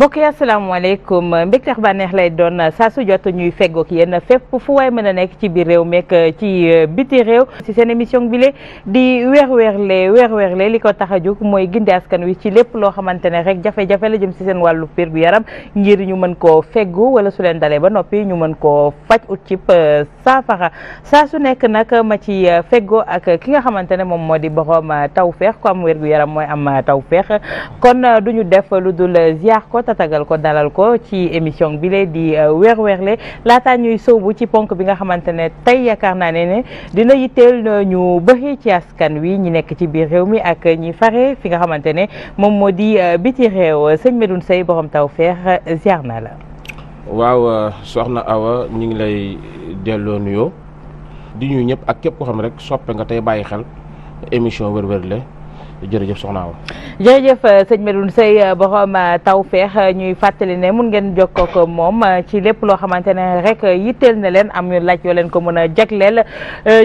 mbokk yi asalaamaaleykum mbégteex bànneex lay doon saa su jot ñuy feggoog yéen fépp fu waay mën a nekk ci biir réew meek ci euh, biti réew ci seen émission bi le di weer weerle weer weerle li ko tax a jóg mooy gindi askan wi ci lépp loo xamante ne rek jafe-jafe la jëm si seen wàllu piir bu yaram ngir ñu mën koo feggu wala su leen dalee ba noppi ñu mën koo faj ut cib euh, saafara saa su nekk nag ma ci euh, feggoo ak ki nga xamante ne moom moo di borom tawfeex ko am wér yaram mooy am tawfeex kon duñu def lu dul ziar ko tatagal ko dalal ko ci émission bi lee di euh, weer weerle laataa ñuy sóobu ci ponk bi nga xamante ne tey yaakaar naa ne ne dina yitteel euh, ñu bëri ci askan wi ñi nekk ci biir réew mi ak ñi fare fi nga xamante ne moom moo di euh, biti réew sëñ Medoune Seye borom taw feex ziar naa la waaw soxna Awa ñu ngi lay delloo nuyoo di ñuy ñëpp ak képp ko xam rek soppe nga tey bàyyi xel émission wër-wër jërëjëf soxna Awa jërëjëf euh, sëñ Medoune Seye euh, borom euh, tawfeex ñuy fàttali ne mun ngeen jokkoo ko moom ci lépp loo xamante ne rek yitteel na leen am ñu laaj yoo leen ko mën a jagleel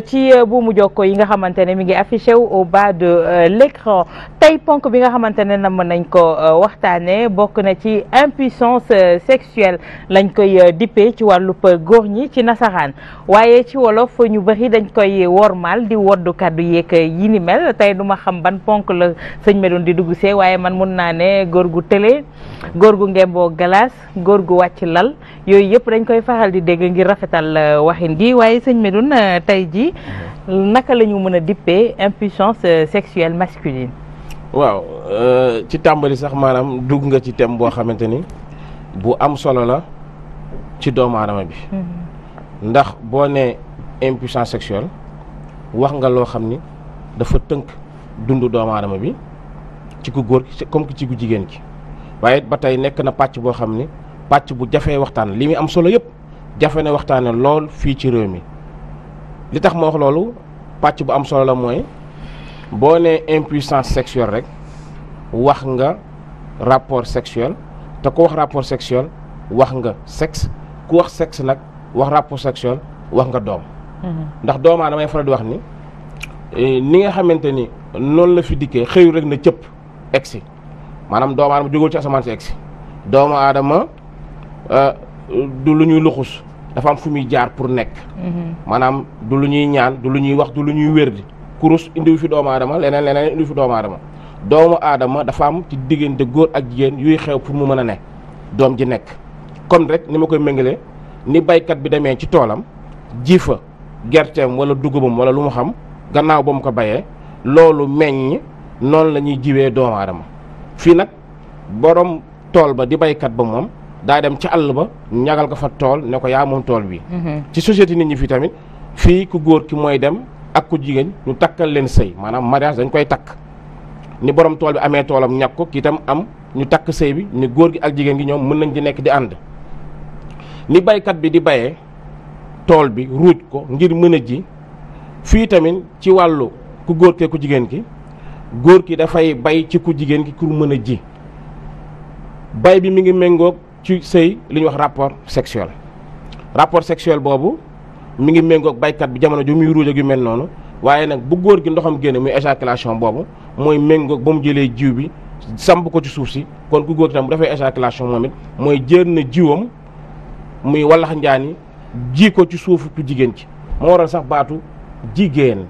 ci bu mu jokkoo yi nga xamante ne mi ngi affiché wu au bas de l'écran tey ponk bi nga xamante ne na mën nañ ko waxtaane bokk na ci impuissance sexuelle lañ koy dippee ci wàllub góor ñi ci nasaraan waaye ci wolof ñu bëri dañ koy wormaal di woddu kaddu yi ni mel tey duma xam ban donc la señ medoon di dugg sé waye man mën na né gor gu télé gor gu ngembo galas gor gu wacc lal yoy yëpp dañ koy faxal di dégg ngir rafetal euh, waxin di waye señ medoon euh, tay ji naka lañu mëna dippé a impuissance euh, sexuelle masculine waaw ci tambali sax manam dugg nga ci thème bo xamanteni bu am solo la ci doom adam bi mm-hmm. ndax bo né impuissance sexuelle wax nga lo xamni dafa teunk dundu doomu aadama bi ci ku góor ki comme que ci ku jigéen ki waaye ba tey nekk na pàcc boo xam ne pàcc bu jafee waxtaan li muy am solo yëpp jafe na waxtaane lool fii ci réew mi li tax ma wax loolu pàcc bu am solo la mooy boo nee impuissance sexuelle rek wax nga rapport sexuel te ku wax rapport sexuel wax nga sex ku wax sexe nag wax rapport sexuel wax nga doom mm-hmm. ndax doomaa damay faral di wax ni eh, ni nga xamante ni noonu la fi dikkee xëyu rek na cëpp egsi maanaam doomu aadama jógul ci asamaan si egsi doomu aadama euh, du lu ñuy luxus dafa am fu muy jaar pour nekk mm-hmm. maanaam du lu ñuy ñaan du lu ñuy wax du lu ñuy wér di kurus indiwu fi doomu aadama leneen leneen indiwu fi doomu aadama doomu aadama dafa am ci diggante góor ak jigéen yuy xew pour mu mën a ne doom ji nekk comme rek ni ma koy méngale ni baykat bi demee ci toolam ji fa gerteem wala dugubam wala lu mu xam gannaaw ba mu ko bayee loolu meññ noonu la ñuy jiwee doomu aadama fii nag boroom tool ba di baykat ba moom daa dem ci àll ba ñagal ko fa tool ne ko yaa moom tool bi mhm. ci société nit ñi fii tamit fii ku góor ki mooy dem ak ku jigéen ñu takkal leen sëy maanaam mariage dañ koy takk ni boroom tool bi amee toolam ñàkk ko kii tam am ñu takk sëy bi ni góor gi ak jigéen gi ñoom mën nañ di nekk di ànd ni baykat bi di bayee tool bi ruuj ko ngir mën a ji fii tamit ci wàllu ku góor kee jigéen ki góor ki dafay bay ci ku jigéen ki pour mën a ji bay bi mu ngi méngoog ci sëy li ñuy wax rapport sexuel rapport sexuel boobu mu ngi méngoog baykat bi jamono ju muy ruuj gi yu mel noonu waaye nag bu góor gi ndoxam génne muy éjaculation boobu mooy méngoog ba mu jëlee jiw bi samp ko ci suuf si kon ku góor tam bu dafay éjaculation moom it mooy jër na jiwam muy wallax njaani ji ko ci suufu ku jigéen ci moo waral sax baatu jigéen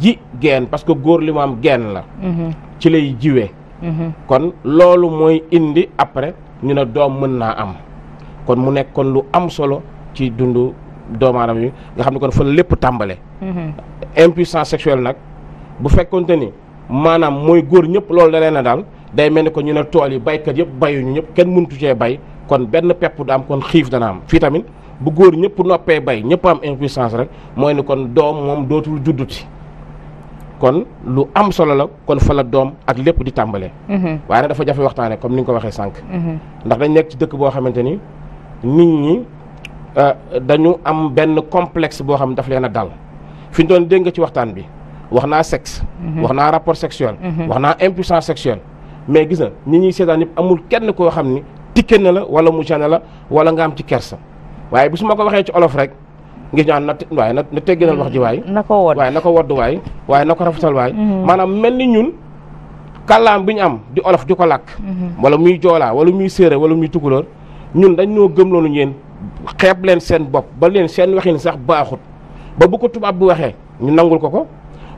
ji geen parce que góor li mu am geen la mhm. ci lay jiwee mhm. kon loolu mooy indi après ñu ne doom mën naa am kon mu nekk kon lu am solo ci dundu doomu aadama yi nga xam ne kon fa lépp tàmbale mhm. impuissance sexuelle nag bu fekkoonte ni maanaam mooy góor ñëpp loolu da na daal day mel ni ko ñu ne tool yi baykat yëpp bayuñu ñëpp kenn mëntu cee bay kon benn pepp da am kon xiif dana am fii tamit bu góor ñëpp noppee bay ñëpp am impuissance rek mooy ni kon doom moom dootul judduti kon lu am solo la kon fa la doom ak lépp di tàmbalee. Mhm. waaye nag dafa jafe waxtaane comme ni nga ko waxee sànq. Mhm. ndax dañ nekk ci dëkk boo xamante ni nit ñi euh, dañu am benn complexe boo xam ne daf leen a dal fi ñu doon dégg nga ci waxtaan bi wax naa sexe. Mhm. wax naa rapport sexuel. wax naa impuissance sexuelle. mais gis na nit ñi seetaan yëpp amul kenn koo xam ni tikke na la wala mucca na la wala nga am ci kers waaye bu su ma ko waxee ci olof rek. ngir ñaan na waaye na na tegginal wax ji waay waaye na ko wodd waay waaye na ko rafetal waay mhm. maanaam mel ni ñun kàllaam bi ñu am di olof di ko làkk mhm. wala muy joolaa wala muy séeréer wala muy tukulóor ñun dañ ñoo gëm loolu ñeen xeeb leen seen bopp ba leen seen waxin sax baaxut ba bu ko tubaab bi waxee ñu nangul ko ko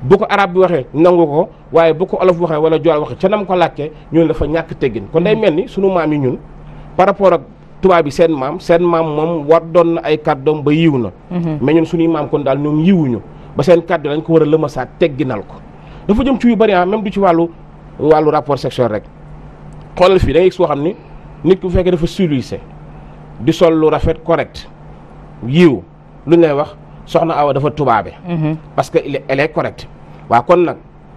bu ko arab bi waxee nangu ko waaye bu ko olof waxee wala jool waxee ca nam ko làkkee ñun dafa ñàkk teggin kon day mhm. mel ni sunu maam tubaab yi seen maam seen maam moom war doon na ay kàddoom ba yiw na mhm. mais ñun suñuy maam kon daal ñoom yiwuñu ba seen kàddu lañ ko war a lëmasaat tegginal ko dafa jëm ci yu bëri ah même du ci wàllu wàllu rapport sexuel rek xoolal fii da ngay gis soo xam ni nit ku fekkee dafa se di sol lu rafet correct yiw lu ñu lay wax soxna awa dafa tubaabe mhm. parce que il est correct waaw kon nag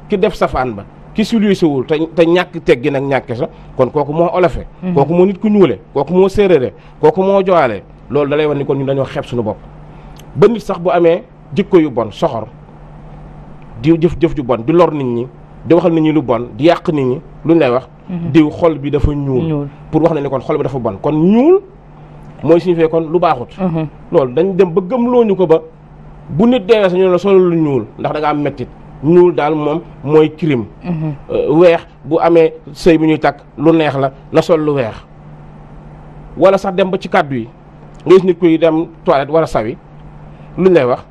ki def safaan ba ki sulusiwul te te ñàkk teggi nag ñàkke sa kon kooku moo olofe mhm. kooku moo nit ku ñuule kooku moo séeréere kooku moo jowaale loolu da lay wan ni kon xeeb suñu bopp ba nit sax bu amee jikko yu bon soxor di jëf jëf ju bon di lor nit ñi di waxal nit ñi lu bon di yàq nit ñi lu ñu lay wax mhm. diw xol bi dafa ñuul pour wax na ni kon xol bi dafa bon kon ñuul mooy suñu fee kon lu baaxut mhm. loolu dañ dem ba gëmloo ñu ko ba bu nit deewee sa ñu la solo lu ñuul ndax da ñuul daal moom mooy crime mhm. euh, weex bu amee sëy bu ñuy takk lu neex la na sol lu weex wala sax dem ba ci kàddu yi nga gis nit kuy dem toilette war a sawi luñ lay wax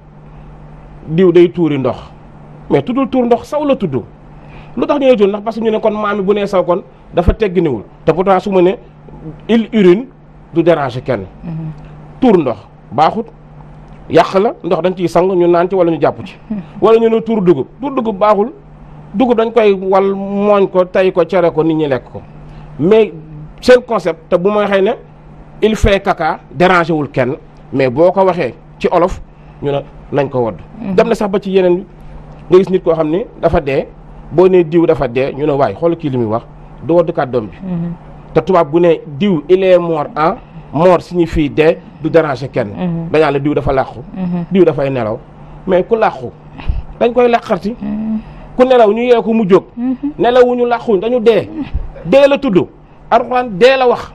diw day tuuri ndox mais tuddul tuur ndox saw la tuddu lu tax ñu ne tuur ndax parce que ñu ne kon maam mi bu nee saw kon dafa tegginiwul te pourtant su ma ne il urine du déranger kenn mhm. tuur ndox baaxut yàq na ndox dañ ciy sang ñu naan ci wala ñu jàpp ci wala ñu ne tuur dugub tuur dugub baaxul dugub dañ koy wal mooñ ko tay ko cere ko nit ñi lekk ko mais seen concept te bu may xëy ne il fait caca dérangé wul kenn mais boo ko waxee ci olof ñu ne nañ ko wodd mm-hmm. dem na sax ba ci yeneen nga gis nit koo xam ni dafa dee boo nee diw dafa dee ñu ne waay xool kii li muy wax du wodd kàddoom bi mm-hmm. te tubaab bu ne diw il est mort en mort signifie dee du déranger kenn. dañaa mhm. la diw dafa làqu. Mhm. diw dafay nelaw mais ku làqu dañ koy làqarti mhm. ku nelaw ñu yee ko mu jóg. nelawuñu làquñ dañu dee. dee la tudd Alxuraan dee la wax.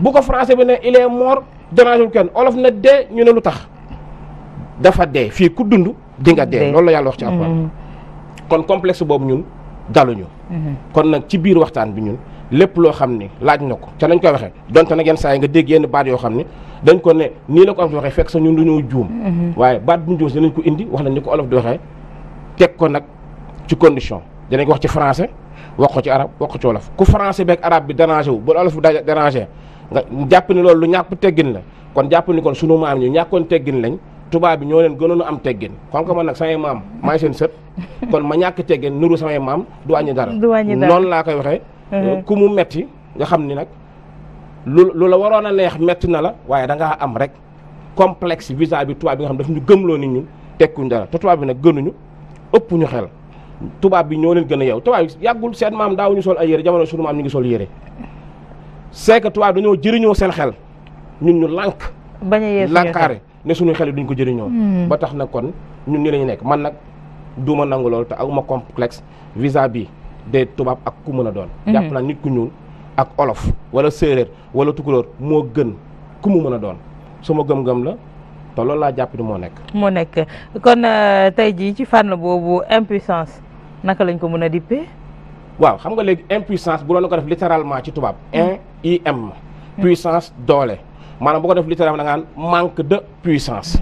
bu ko français bi ne il est déranger kenn olof na dee ñu ne lu tax dafa dee fii ku dund di nga dee. loolu la yàlla wax ci Alxuraan kon complexe boobu ñun. daluñu mhm. kon nag ci biir waxtaan bi ñun lépp loo xam ni laaj na ko ca lañ ko waxee donte nag yenn saa yi nga dégg yenn baat yoo xam ni dañ ko ne nii la ko am si waxee fekk sa ñun duñu mhm. ko indi wax nañ ko olof di waxee teg ko nag ci condition dinañ ko wax ci français wax ko ci arab wax ko ci wolof ku français beeg arabe bi dérangé wu bu olof bi dérangé nga jàpp ni loolu lu ñàkk teggin la kon jàpp ni kon sunu maam ñu ñàkkoon teggin lañ tubaab bi ñoo leen gënoon am teggin xam nga man nag samay maam maay seen sët kon ma ñàkk teggin nuru samay maam du wàññi dara noon laa koy waxee uh-huh. euh, ku mu metti nga xam ni nag lu lu la waroon a neex metti na la waaye da ngaa am rek complexe visa bi tubaab bi nga xam daf ñu gëmloo nit ñun tekkuñ dara te tubaab bi nag gënuñu ëpp ñu xel tubaab bi ñoo leen gën a yow tubaab bi yàggul seen maam daawuñu sol ay yére jamono suñu maam ñu ngi sol yére c'est que dañoo jëriñoo seen xel ñun ñu lànk bañ ne suñu xel duñ ko jëriñoo. Hmm. ba tax na kon ñun ni lañu nekk man nag du ma nangu lool te ak ma complexe visa bi des tubaab ak ku mën a doon. Hmm. jàpp naa nit ku ñuul ak olof wala séeréer wala tukulóor moo gën ku mu mën a doon sama gëm-gëm la. te loolu laa jàpp ni moo nekk. moo nekk kon euh, tey jii ci fànn boobu impuissance naka lañ ko mën a dippee. waaw xam nga léegi impuissance bu doon ko def littéralement ci tubaab. in hmm. im puissance doole. manam bu ko def littéralement da nga manque de puissance.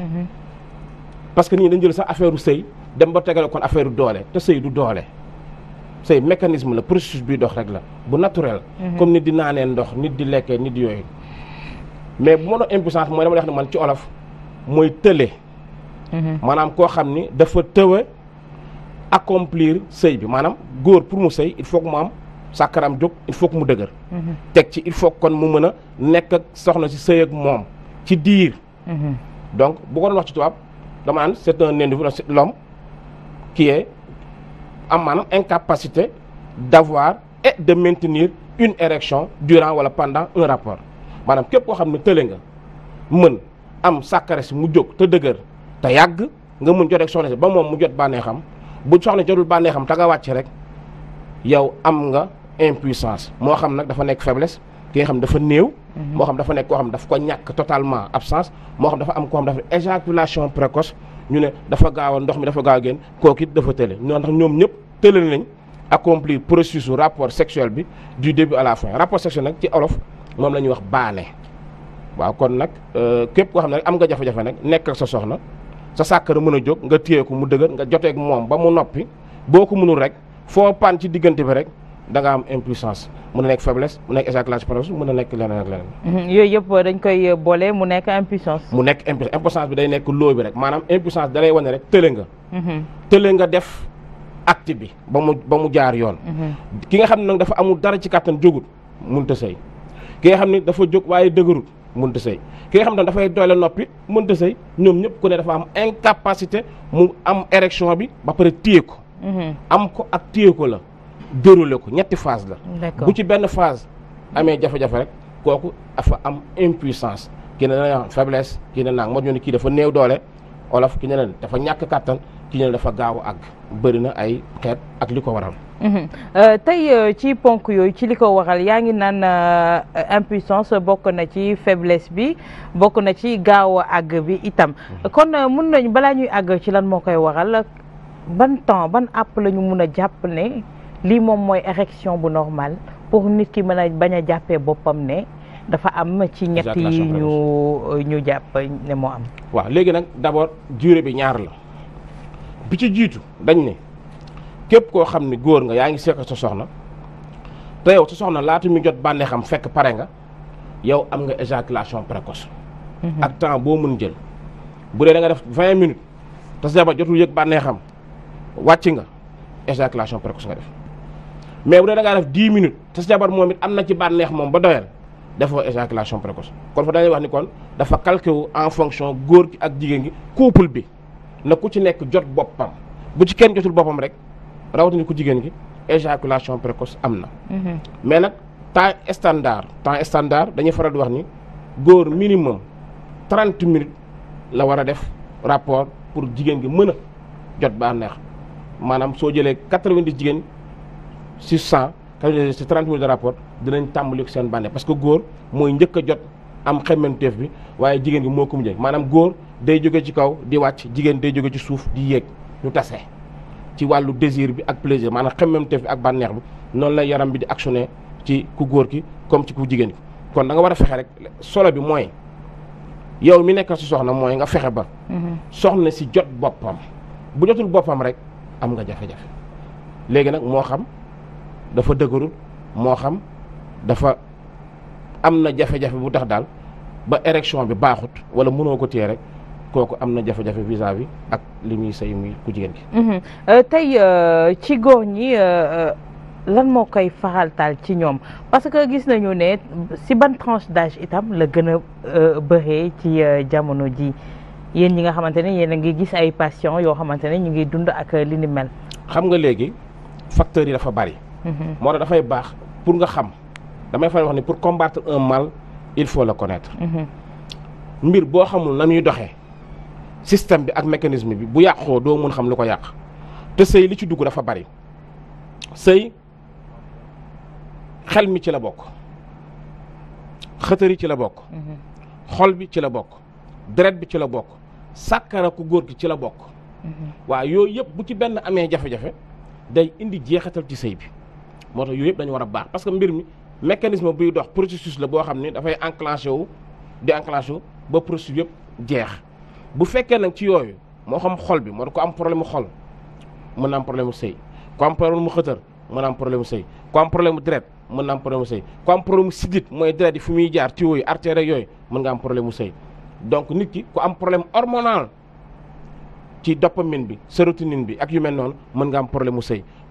parce que ni ñi dañ jël sa affaire u dem ba tégal kon affaire doolé doole te sëy du doolé sëy mécanisme le processus bi dox rek la bu naturel. Mhm. comme nit di naanee ndox nit di lekkee nit yoy mais bu mo doon impuissance mooy dama wax ne man ci olaf moy télé mhm. manam ko xamni dafa teuwe accomplir sëy bi manam góor pour mu sëy il faut que mu am. Sakaram djok il faut que mu deuguer mhm. tek ci il faut kon mu meuna nek nekk ak soxna si sëy ak mom ci dir mhm. donc bu ko doon wax ci tuab dama naan c'est un individu l'homme qui est am maanaam incapacité d'avoir et de maintenir une érection durant wala pendant un rapport manam kep ko xam ne tële nga mën am sàkkare mu djok te deuguer te yag nga mën jot ak soxna ba mom mu jot banexam bu soxna jotul banexam ta nga wacc rek yow am nga impuissance moo xam nag dafa nekk faiblesse ki nga xam dafa néew mhm. moo xam dafa nekk koo xam daf ko ñàkk totalement absence moo xam dafa am koo xam dafa éjaculation précoce ñu ne dafa gaaw ndox mi dafa gaaw a génn kooku it dafa tële ñoo ndax ñoom ñëpp tële nañ accomplir processus rapport sexuel bi du début à la fin rapport sexuel nag ci olof moom la ñuy wax baane waaw kon nag euh, képp koo xam ne am nga jafe-jafe nag nekk ak sa soxna sa sàkkara mën a jóg nga téye ko mu dëgër nga joteeg moom ba mu noppi boo ko mënul rek foo pan ci diggante bi rek da nga am impuissance mu na nekk faiblesse mu nekk éjaculation précoce mu na nekk leneen ak leneen. Mhm, yoy yëpp dañ koy bolé mu nekk impuissance. mu nekk impuissance bi day nekk loi bi rek manam impuissance dalay wone rek tële nga. Mhm. tële nga def acte bi ba mu ba mu jaar yoon. Mhm. ki nga xam ne dafa amul dara ci katan jógut mënut a sëy ki nga xam dafa jog waye dëgërut mënut a sëy ki nga xam ne dafay doyle nopi mënut a sëy ñoom ñëpp ku ne dafa am incapacité mu am érection bi ba paré téye ko. am ko ak téye ko la. déroulé ko ñetti phase la bu ci benn phase amee jafe-jafe rek kooku dafa am impuissance kii ne na faiblesse kii ne naang moo ñu ne kii dafa néew doole olof ki ne leen dafa ñàkk kàttan ki ne leen dafa gaaw ak àgg na ay xeet ak li ko waral mhm. euh, tey euh, ci ponk yooyu ci li ko waral yaa ngi naan euh, impuissance bokk na ci faiblesse bi bokk na ci gaaw a àgg bi itam mhm. kon mun nañ balaa ñuy àgg ci lan moo koy waral ban temps ban àpp lañu mun a jàpp ne li mom moy érection bu normal pour nit ki mën baña jappé bopam né dafa am ci ñett yi ñu ñu japp né mo am wa légui nak d'abord durée bi ñaar la bi ci jitu dañ né képp ko xamni goor nga yaangi sékk sa soxna te yow sa soxna laata mi jot bané xam fekk paré nga yow am nga éjaculation précoce mhm. ak temps bo mën jël bu dé da nga def 20 minutes te sa jabar jotul yëg bànneexam wàcc nga éjaculation précoce nga def mais bu dee da ngaa def 10 minutes te sa jabar moom it am na ci bànneex moom ba doyal defoo éjaculation précoce kon fa dañuy wax ni kon dafa calqué wu en fonction góor gi ak jigéen gi couple bi na ku ci nekk jot boppam bu ci kenn jotul boppam rek rawatina ku jigéen gi éjaculation précoce am na. Mhm. mais nag temps standard temps standard dañuy faral di wax ni góor minimum 30 minutes la war a def rapport pour jigéen gi mën a jot neex maanaam soo jëlee 90 jigéen sur 100 cabinet si 30 000 de rapport dinañ tàmbali ko seen bànneex parce que góor mooy njëkk a jot am xemmenteef bi waye jigen gi moo ko mu njëkk maanaam day jóge ci kaw di wacc jigen day jóge ci suuf di yéeg ñu tassé ci walu désir bi ak plaisir manam xemmenteef bi ak bànneex bi non la yaram bi di actionné ci ku góor ki comme ci ku jigen ki kon da nga wara fexé rek solo bi moy yow mi nekk ci soxna moy nga fexé ba mhm. soxna ci jot bopam bu jotul bopam rek am nga jafé jafé légui nak mo xam dafa dëgërul moo xam dafa am na jafe-jafe bu tax daal ba érection bi baaxut wala mënoo ko téye rek kooku am na jafe-jafe à ak li muy sëy muy ku jigéen ki mhm. euh, tey euh, ci góor ñi euh, lan moo koy faral taal ci ñoom parce que gis nañu ne si ban tranche d'âge itam la gën a bëree ci jamono ji yéen ñi nga xamante ne yéen a ngi gis ay patients yoo xamante ne ñu ngi dund ak li ni mel. xam nga léegi facteurs yi dafa bari Mhm. moo tax dafay baax pour nga xam damay faral wax ni pour combattre un mal il faut le connaître mhm. mbir boo xamul na muy système bi ak mécanisme bi bu yàqoo do mon xam lu ko yàq te sey li ci dugg dafa bari Sey. xel mi ci la bokk xëtëri ci la bokk mhm. xol bi ci la bokk deret bi ci la bokk sàkkara ku góor gi ci la bokk waaw yooyu yëpp bu ci benn amee jafe-jafe day indi jeexatal ci sey bi motax yoyep yooyu wara dañu war a parce que mbir mi mécanisme bu dox processus la bo xamni da fay enclencher wu di enclencher wu ba processus jeex bu fekke nak ci yooyu mo xam xol bi mo ko am problème xol mën na am problème sey ko am problème mu xeuter mën na am problème sey ko am problème mu deret na am problème sey ko am problème sidit moy deret yi fu muy jaar ci yi artère yoy mën nga am problème sey donc nit ki ko am problème hormonal ci dopamine bi sérotonine bi ak yu mel non mën nga am problème sey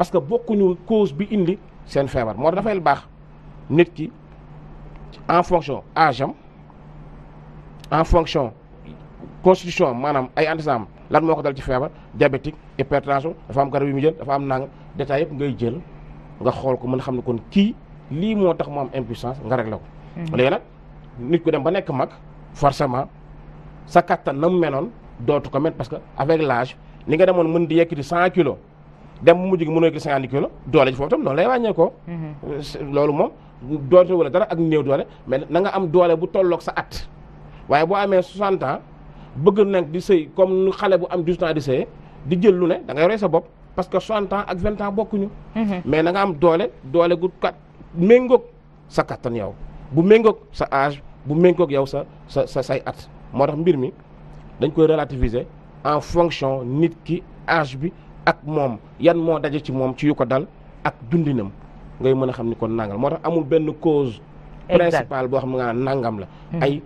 parce que beaucoup nous cause bi indi fièvre feebar da dafay bax nit ki en fonction âge am en fonction constitution manam ay antécédents lan moko dal ci fièvre diabétique hypertension dafa am garab yu mi jël dafa am nang détail yep ngay jël nga xol ko mën xam ne kon ki li moo tax am impuissance nga réglé ko. Mhm. léegi nag nit ku dem ba nek mak forcément sa kattan na menon menoon ko met parce que avec l'âge ni nga demone mën di yekkati 100 kilos. dem mu mujj gi mënoo yëkkati ni kilos doole ci foofu tam noonu lay wàññeekoo. Mhm. loolu moom doole wala dara ak néew doole mais nanga am doole bu tolloog sa at waaye boo amee 60 ans bëgg nag di sëy xale bu am 18 ans di di jël lu da ngay roy sa bopp parce que 60 ans ak 20 ans bokkuñu. Mhm. mais na am doole doole kat méngoog sa kattan yow bu méngoog sa âge bu méngoog yow sa sa sa say at moo tax mbir mi dañ koy relativiser en fonction nit ki âge bi. ak moom yan moo daje ci moom ci yu ko dal ak dundinam ngay mën a xam ni kon nangal moo tax amul benn cause principale boo xam ne nga nangam la hmm. ay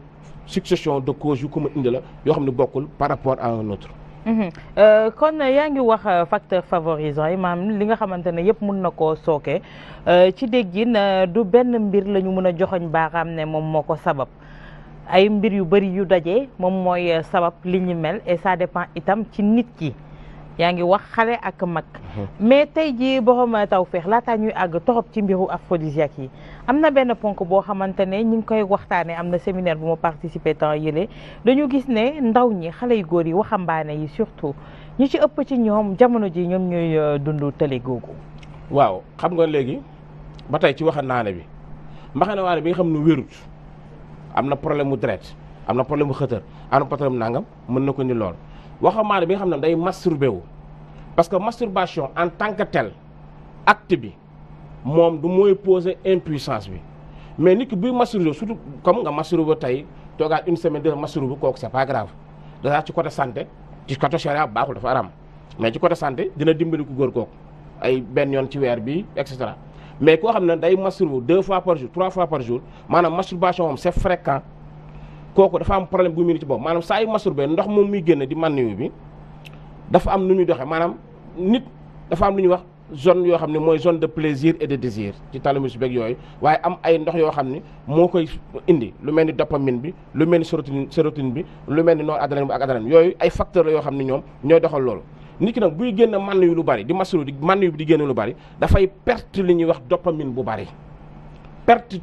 succession de causes yu ko ma indi la yoo xam ne bokkul par rapport à un autre hmm. euh, kon yaa ngi wax euh, facteur favorisant yi maanaam li nga xamante ne yëpp mun na koo sooke euh, ci déggin du benn mbir la ñu mën a joxoñ baaxaam ne moom moo ko sabab ay mbir yu bëri yu daje moom mooy sabab li ñu mel et ça dépend itam ci nit ki yaa ngi wax xale ak mag mhm. mais tey jii borom tawféex laataa ñuy àgg torop ci mbiru aphrodisiaque yi am na benn ponk boo xamante ne ñu ngi koy waxtaanee am na séminaire bu ma participé temps yële dañu gis ne ndaw ñi xale yu góor yi waxambaane yi surtout ñu ci ëpp ci ñoom jamono ji ñoom ñuy euh, dund tële googu waaw xam nga léegi ba tey ci naane bi waxambaane bi nga xam ne wérut am na problème mu deret am na problème mu xëtër am na problème nangam mën na ko ni lool waxamaane bi nga xam ne day masturbé wu parce que masturbation en tant que tel acte bi moom du mooy poser impuissance bi mais nit ki buy masturbé surtout comme nga masturbé tey toogaat une semaine de masturbé kooku c'est pas grave dèjà ci côté santé ci côté charia baaxul dafa aram mais ci côté santé dina dimbali ko góor kooku ay benn yoon ci weer bi et cetera mais koo xam ne day masturbé deux fois par jour trois fois par jour maanaam masturbation moom c'est fréquent kooku dafa am problème bu mu ci bopp maanaam saa yu masturbé ndox moom muy génn di mànniwu bi dafa am nu ñuy doxee maanaam nit dafa am lu ñuy wax zone yoo xam ne mooy zone de plaisir et de désir ci thalamus beeg yooyu waaye am ay ndox yoo xam ne moo koy indi lu mel ni dopamine bi lu mel ni sérotonine sérotonine bi lu mel ni noradrénaline bi ak adrénaline yooyu ay facteurs la yoo xam ne ñoom ñooy doxal loolu nit ki nag buy génn mànn yu lu bari di masuru di mànn yu di génn lu bari dafay perte li ñuy wax dopamine bu bari perte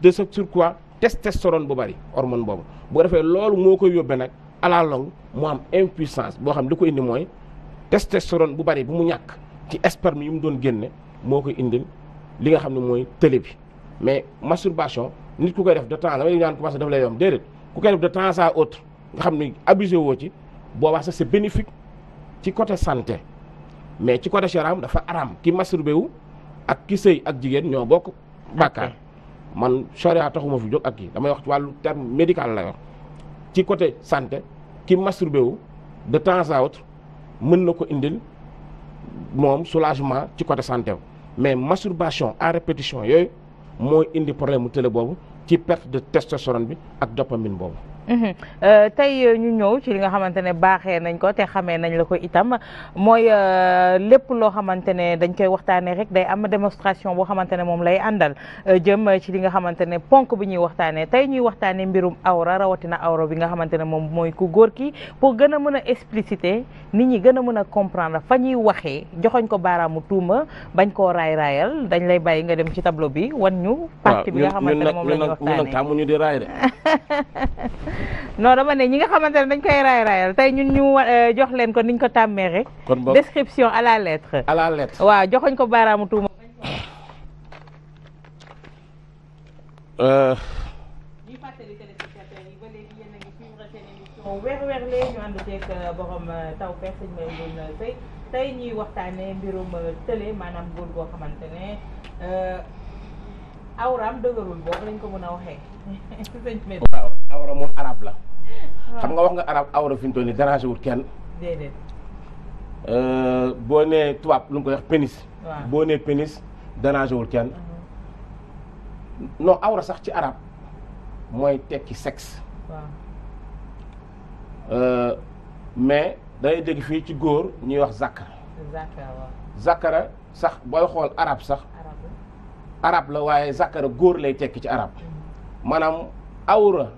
testostérone bu bari hormone bobu bu ko lolou moko moo nak yóbbee nag à la longue mu am impuissance bo xam li ko indi moy testostérone bu bari bu mu ñak ci sperme yum doon génné moko indi li nga xam moy mooy bi mais masturbation nit ku koy def de temps damay ñaan ko passé daf lay yom déedéet ku koy def de temps à autre nga xam ne abusé woo ci boobaa sax c'est bénéfique ci côté santé mais ci côté charam dafa aram ki masturbé wu ak ki sey ak jigéen ñoo bokk bàkkaar man charia taxuma fi jóg ak kii damay wax ci wàllu terme médical la yor ci côté santé ki masturbé wu de temps à mën na ko indil moom soulagement ci côté santé mais masturbation à répétition yooyu mooy indi problème mu boobu ci perte de testostérone bi ak dopamine boobu Mhm. Euh, tey euh, ñu ñëw ci li nga xamante ne baaxee nañ ko te xamee nañ la ko itam mooy euh, lépp loo xamante ne dañ koy waxtaanee rek day am démonstration boo xamante ne moom lay àndal jëm ci li nga xamante ne ponk bi ñuy waxtaanee tey ñuy waxtaanee mbirum awra rawatina awra bi nga xamante ne moom mooy ku góor ki pour gën a mën a expliciter nit ñi gën a mën a comprendre fa ñuy waxee joxoñ ko baaraamu tuuma bañ koo raay raayal dañ lay bàyyi nga dem ci tableau bi wan ñu. partie bi moom la ñuy waxtaanee waaw ñun nag ñu di non dama ne ñi nga xamante ne dañ koy raay raayal tey ñun ñu euh, jox leen ko niñ ko tàmmee rek. kon boog description à la lettre. waaw joxoñ ko baaraamu tuuma. Euh. ñuy tey ñuy waxtaane mbirum euh, tële maanaam góor goo xamante ne awraam dëgërul boobu lañ ko mën a waxee. awra moom arab la. xam nga wax nga arab awra fi toni toll nii dérangé dedet euh bo boo nee lu mu koy wax pénis. boo nee pénis dérangé wul kenn. Uh-huh. non awra sax ci arab moy tekki sexe. euh mais day dégg fi ci góor ñuy wax zakar zakara waaw. zakara sax boy xol arab sax. arab la waye zakara góor lay tekki ci arab uh-huh. manam awra.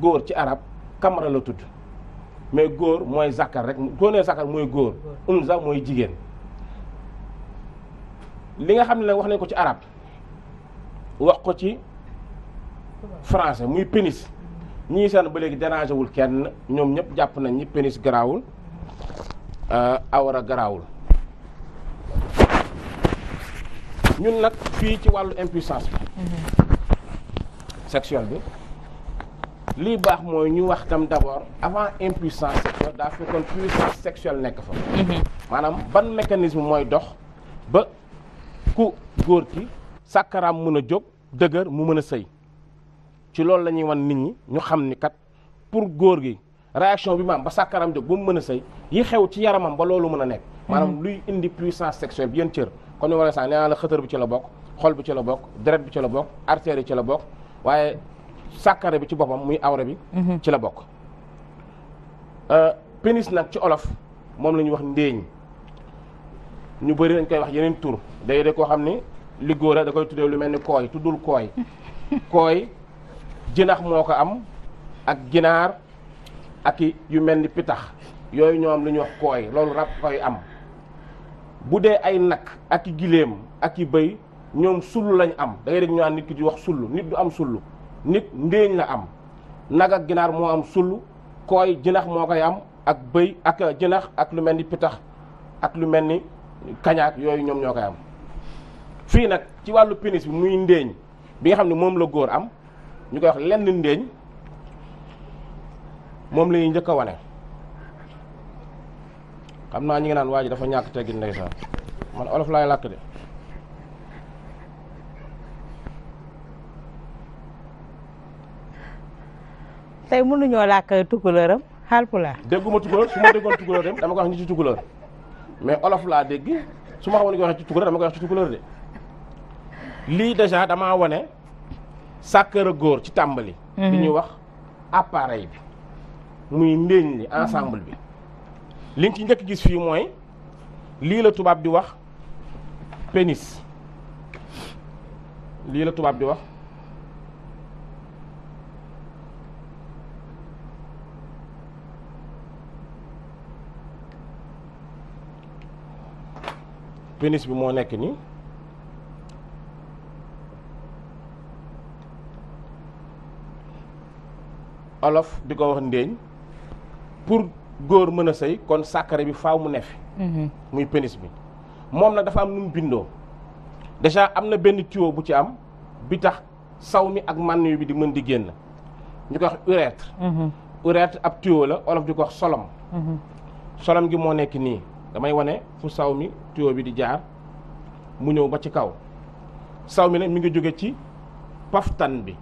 góor ci arab kamara la tout mais góor mooy zakar rek góor nee mooy góor unza mooy jigéen li nga xam ne nag wax nañ ko ci arab wax ko ci français muy pénis ñii seen ba léegi dérangé wul kenn ñoom ñëpp jàpp nañ ni pénis garaawul euh, awara garaawul ñun nag fii ci wàllu impuissance bi mhm. sexuelle bi li nous d'abord ñu wax tam avant impuissance sexuelle daa puissance sexuelle nek fa manam mhm. ban mécanisme moy dox ba ku gor ki sakaram mëna a deuguer mu nous a ci lool lañuy wan nit ñi pour gor gi réaction bi maam ba sakaram jóg bu mu a yi xew ci yaramam ba loolu mhm. sexuelle sax la la la la la sàkkare bi ci boppam muy awra bi mhm. ci la bokk euh, pénis nag ci olof moom lañuy wax ndéeñ ñu bari dañ koy wax yeneen tur day de koo xam ne li a da koy tuddee lu mel ni kooy tuddul kooy kooy jinax moo ko am ak ginaar ak yu mel ni pitax yooyu ñoom lu ñuy wax kooy loolu rab koy am bu dee ay nag ak i giléem ak i bëy ñoom sull lañ am da ngay dégg ñu naan nit ki di wax sull nit du am sull nit ndéeñ la am nag ak ginaar moo am sull kooy jinax moo koy am ak bëy ak euh, jinax ak lu mel ni pitax ak lu mel ni kañaak yooyu ñoom ñoo koy am fii nag ci wàllu pénis bi muy ndéeñ bi nga xam ne moom la góor am ñu koy wax lenn ndéeñ moom la ñuy njëkk a wane xam naa ñu ngi naan waa ji dafa ñàkk teggin ndeysaan man olof laay làkk de tey mënuñoo làkk tukulëram xaalpulaar. dégguma tukulër su ma déggoon tukulër dem dama ko wax ñu ci tukulër mais olof laa dégg su ma xamoon ñu ko wax ci tukulër dama ko wax ci tukulër de lii déjà damaa wane sàkkër a góor ci tàmbali. Mhm. bi ñuy wax appareil bi muy ndéeñ li ensemble bi li ci njëkk gis fii mooy lii la tubaab di wax pénis lii la tubaab di wax pénis bi moo nekk nii olof di ko wax ndéeñ pour góor mën a sëy kon sàkkare bi faaw mu ne mhm. muy pénis bi moom nag dafa am nu mu bindoo déjà am na benn tiwo bu ci am bi tax saw mi ak mànn bi di mën di génn ñu ko wax urètre mhm. urètre ab tuyau la olof di ko wax solom mhm. solom gi moo nekk nii damay wane fu saw mi tuyau bi di jaar mu ñëw ba ci kaw saw mi nag mi ngi jóge ci paftan bi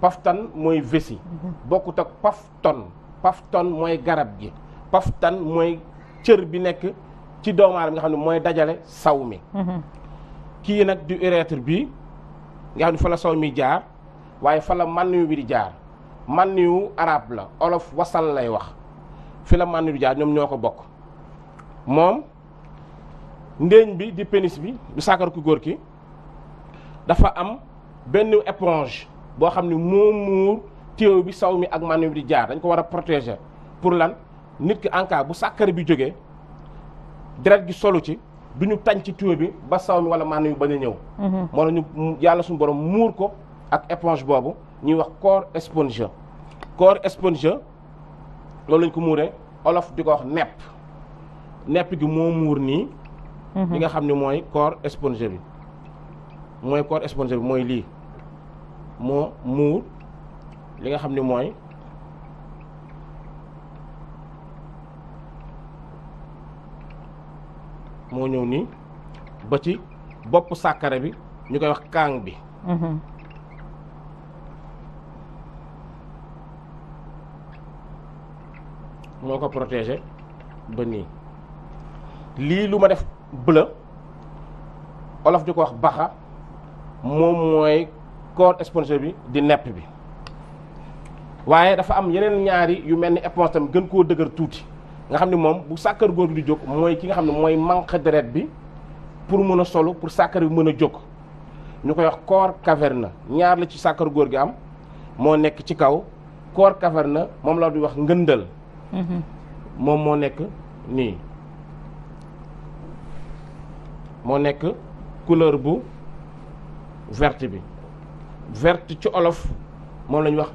paftan mooy vessie mhm. bokkut ak pafton pafton mooy garab gi paftan mooy cër bi nekk ci doomu aadama nga xam ne mooy dajale saw mi mhm. kii nag du urètre bi nga xam ne fa la saw mi jaar waaye fa la mànniwu bi di jaar mànniwu arab la olof wasal lay wax fi la mànniwu jaar ñoom ñoo ko bokk mom ndeñ bi di penisbi, bi du sakar ku gor ki dafa am benn éponge bo xamni ni moo saumi bi sawmi ak manu bi di jaar dañ ko wara protéger pour lan nit ki en cas bu sakar bi joggé deret gi solo ci duñu ñu bi ba sawmi wala manu yu bañ a la mhm. ñu yalla suñu borom mur ko ak éponge bobu ñi wax corps esponge corps esponge loolu lañ ko muré olof diko wax nepp nepp gi mo mur ni mhm. li nga xamni moy corps esponge bi moy corps esponge bi moy li mo mur li nga xamni moy mo ñew ni ba ci bop sakare bi ñu koy wax kang bi mhm. moo ko ba ni lii lu ma def bleu olof di ko wax baxa moom mooy corps sponsor bi di nepp bi waaye dafa am yeneen ñaari yu mel ni éponge tam gën koo dëgër tuuti nga xam ne moom bu sàkkar góor di jóg mooy ki nga xam ne mooy manque deret bi pour mën a solo pour sàkkar bi mën a jóg ñu koy wax corps caverne ñaar la ci sàkkar góor gi am moo nekk ci kaw corps caverne moom la di wax ngëndal mhm. moom moo nekk nii Mon nek couleur bu verte bi verte ci olof mom lañ wax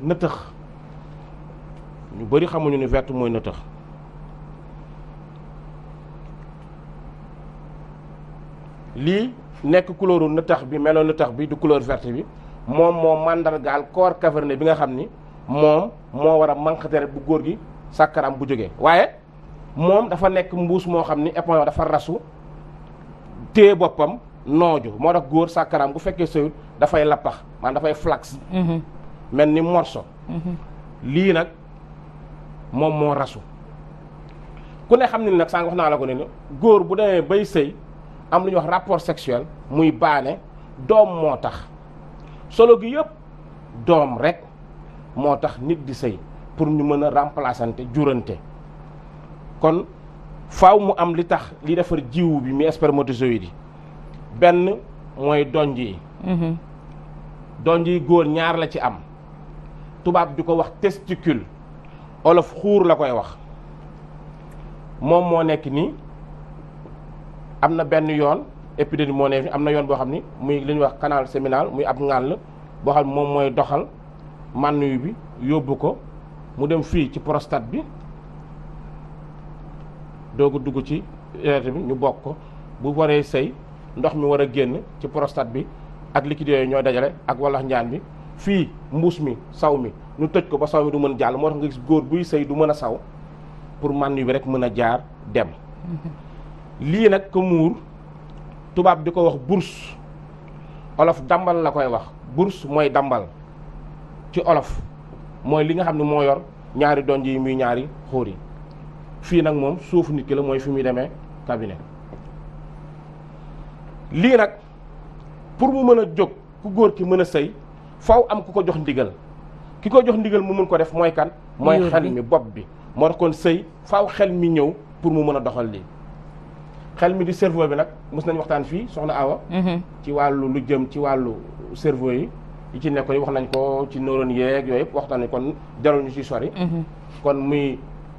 ñu xamuñu ni verte moy Li nek couleuru bi bi du couleur verte bi mon mo corps bi nga xamni mom mo wara bu gi sakaram bu joge waye mom dafa téye boppam nooju moo tax góor sàkkaraam bu fekkee sëyul dafay lappax maanaam dafay flax mm-hmm. mel ni morso mm-hmm. lii nag moom moo rasu ku ne xam ne nag sànq wax naa la ko ne ne góor bu demee bay sëy am lu ñuy wax rapport sexuel muy baane doom moo tax solo gi yëpp doom rekk moo tax nit di sëy pour ñu mën a remplaçante jurante kon faw mu am li tax li defar jiw bi muy spermatozoïde yi benn mooy donj yi mhm. donj yi góor ñaar la ci am tubaab di ko wax testikul olof xuur la koy wax moom moo nekk nii am na benn yoon épidémie moo nekk am na yoon boo xam ni muy li wax canal séminal muy ab ngàll boo xam moom mooy doxal mànnuyu bi yóbbu ko mu dem fii ci prostate bi dogu a dugg ci bi ñu bokk ko bu waré sey ndox mi wara génn ci prostate bi ak liquide yoy ñoy dajale ak wala ñaan bi fi mbuss mi saw mi ñu tejj ko ba saw mi du mëna jall moo tax nga gis goor buy sey du mëna saw pour man bi rek mëna jaar dem li nak ko mur tubab diko ko wax bourse olof dambal la koy wax bourse moy dambal ci olof moy li nga xamni mo yor ñaari donji muy ñaari fii nag moom suufu nit ki la mooy fi muy demee cabinet lii nag pour mu mën a jóg ku góor ki mën a sëy faw am ku ko jox ndigal ki ko jox ndigal mu mën ko def mooy kan mooy xel mi bopp bi moo tax kon sëy faw xel mi ñëw pour mu mën a doxal lii xel mi di cerveau bi nag mus nañ waxtaan fii soxna Awa mhm. ci wàllu lu jëm ci wàllu cerveau yi yi ci nekk yi wax nañ ko ci neurones yeeg yooyu yëpp waxtaan nañ kon jarul ñu sori mhm. kon muy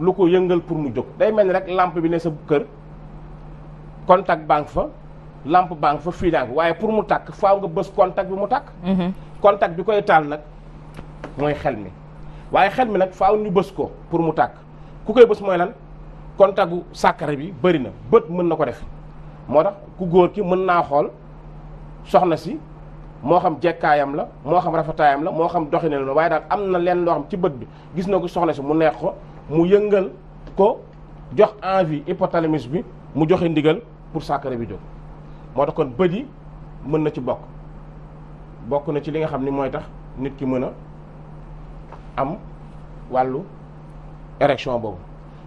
lu ko yëngal pour mu jóg day mel ni rek làmp bi ne sa kër contact banque fa làmp banque fa fii daanaka waaye pour mu tàkk faaw nga bës kontak bi mu tàkk. Mhm. contact bi koy taal nag mooy xel mi waaye xel mi nag faaw nu bës ko pour mu tàkk ku koy bës mooy lan contact gu sàkkara bi bari na bët mën na ko def moo tax ku góor ki mën naa xool soxna si. moo xam jekkaayam la moo xam rafetaayam la moo xam doxinam la waaye daal am na leen loo xam ci bët bi gis na ko soxna si mu neex ko mu yëngal ko jox envie hypothalamus bi mu joxe ndigal pour sàkkara bi jóg moo tax kon bët yi mën na ci bokk bokk na ci li nga xam ni mooy tax nit ki mën a am wàllu érection boobu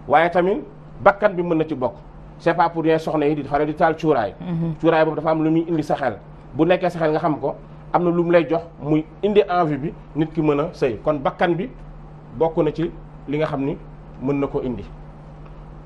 waaye tamit bakkan bi mën na ci bokk c'est pas pour rien soxna yi di faral di taal cuuraay mhm. cuuraay boobu dafa am lu muy indi sa xel bu nekkee sa xel nga xam ko am na lu mu lay jox muy indi envie bi nit ki mën a sëy kon bakkan bi bokk na ci li nga xam ni mën na ko indi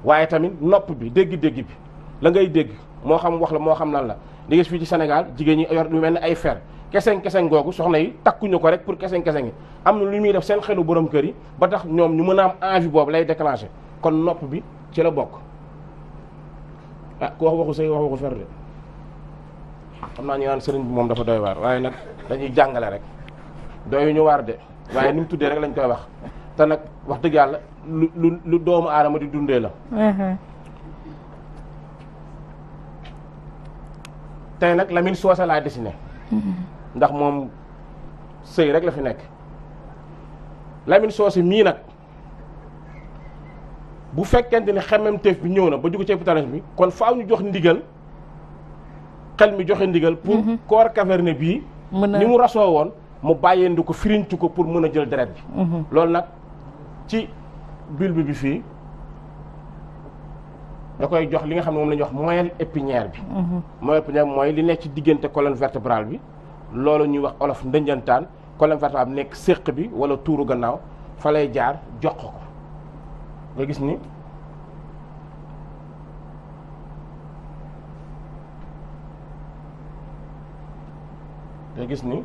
waaye tamit nopp bi dégg-dégg bi la ngay dégg moo xam wax la moo xam lan la di gis fii ci senegal jigéen ñi yor lu mel ni ay fer keseng-keseng googu soxna yi takkuñu ko rek pour keseng-keseng yi am na lu muy def seen xelu borom kër yi ba tax ñoom ñu mën a am envie boobu lay déclenché kon nopp bi ci la bokk ah ku wax waxu sëy wax waxu fer de xam naa ñu naan sëriñ bi moom dafa doy waar waaye nag dañuy jàngale rek doyu ñu waar de waaye ni tuddee rek lañ koy wax te nag wax dëgg yàlla lu lu lu doomu aadama di dundee la. Uh-huh. tey nag Lamine Socé laa desine uh-huh. ndax moom sëy rek la fi nekk. Lamine Socé mii nag bu fekkente ni xemmemteef bi ñëw na ba jugu ci épitalas bi kon faaw ñu jox ndigal xel mi joxe ndigal. pour uh-huh. corps caverne bii. ni mu rasoo woon mu bàyyeendi ko firiñtu ko pour mën a jël deret bi. loolu nag. ci bulbe bi fii da koy jox li nga xam ne moom la ñuy wax moelle épinière bi. Mhm. moelle épinière mooy li nekk ci diggante colonne vertébrale bi loolu ñuy wax olof ndënjantaan colonne vertébrale bi nekk séq bi wala tuuru gannaaw fa lay jaar jox ko nga gis ni. nga gis ni.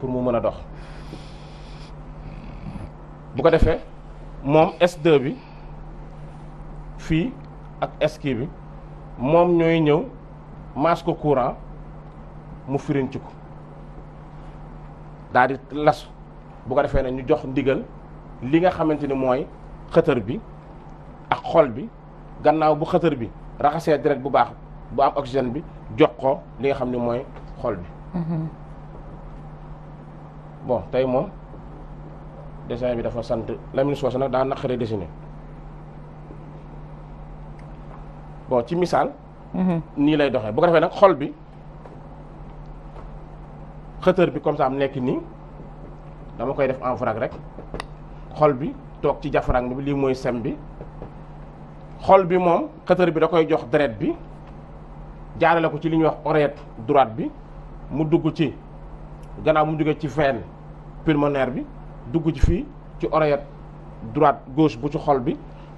pour mu mën a dox bu ko defee moom s bi fii ak S bi moom ñooy ñëw maas ko courant mu firinci ko daal di lasu bu ko defee ne ñu jox ndigal li nga xamante ni mooy xëtër bi ak xol bi gannaaw bu xëtër bi raxasee deret bu baax bu am oxygène bi jox ko li nga xam ne mooy xol bi mm-hmm. bon tay mom dessin bi dafa sant Lamine Soose nag daa naqare dessiné bon ci hmm ni lay doxé bu ko rafé nak xol bi xëteur bi comme ça am nek ni dama koy def en frag rek xol bi tok ci jafrang bi li moy sem bi xol bi mom xëteur bi da koy jox bi jaarale ci liñ wax droite bi mu dugg ci gannaaw mu ci fenn pulmonaire bi dugg ci fii ci oreillette droite gauche bu ci xol bi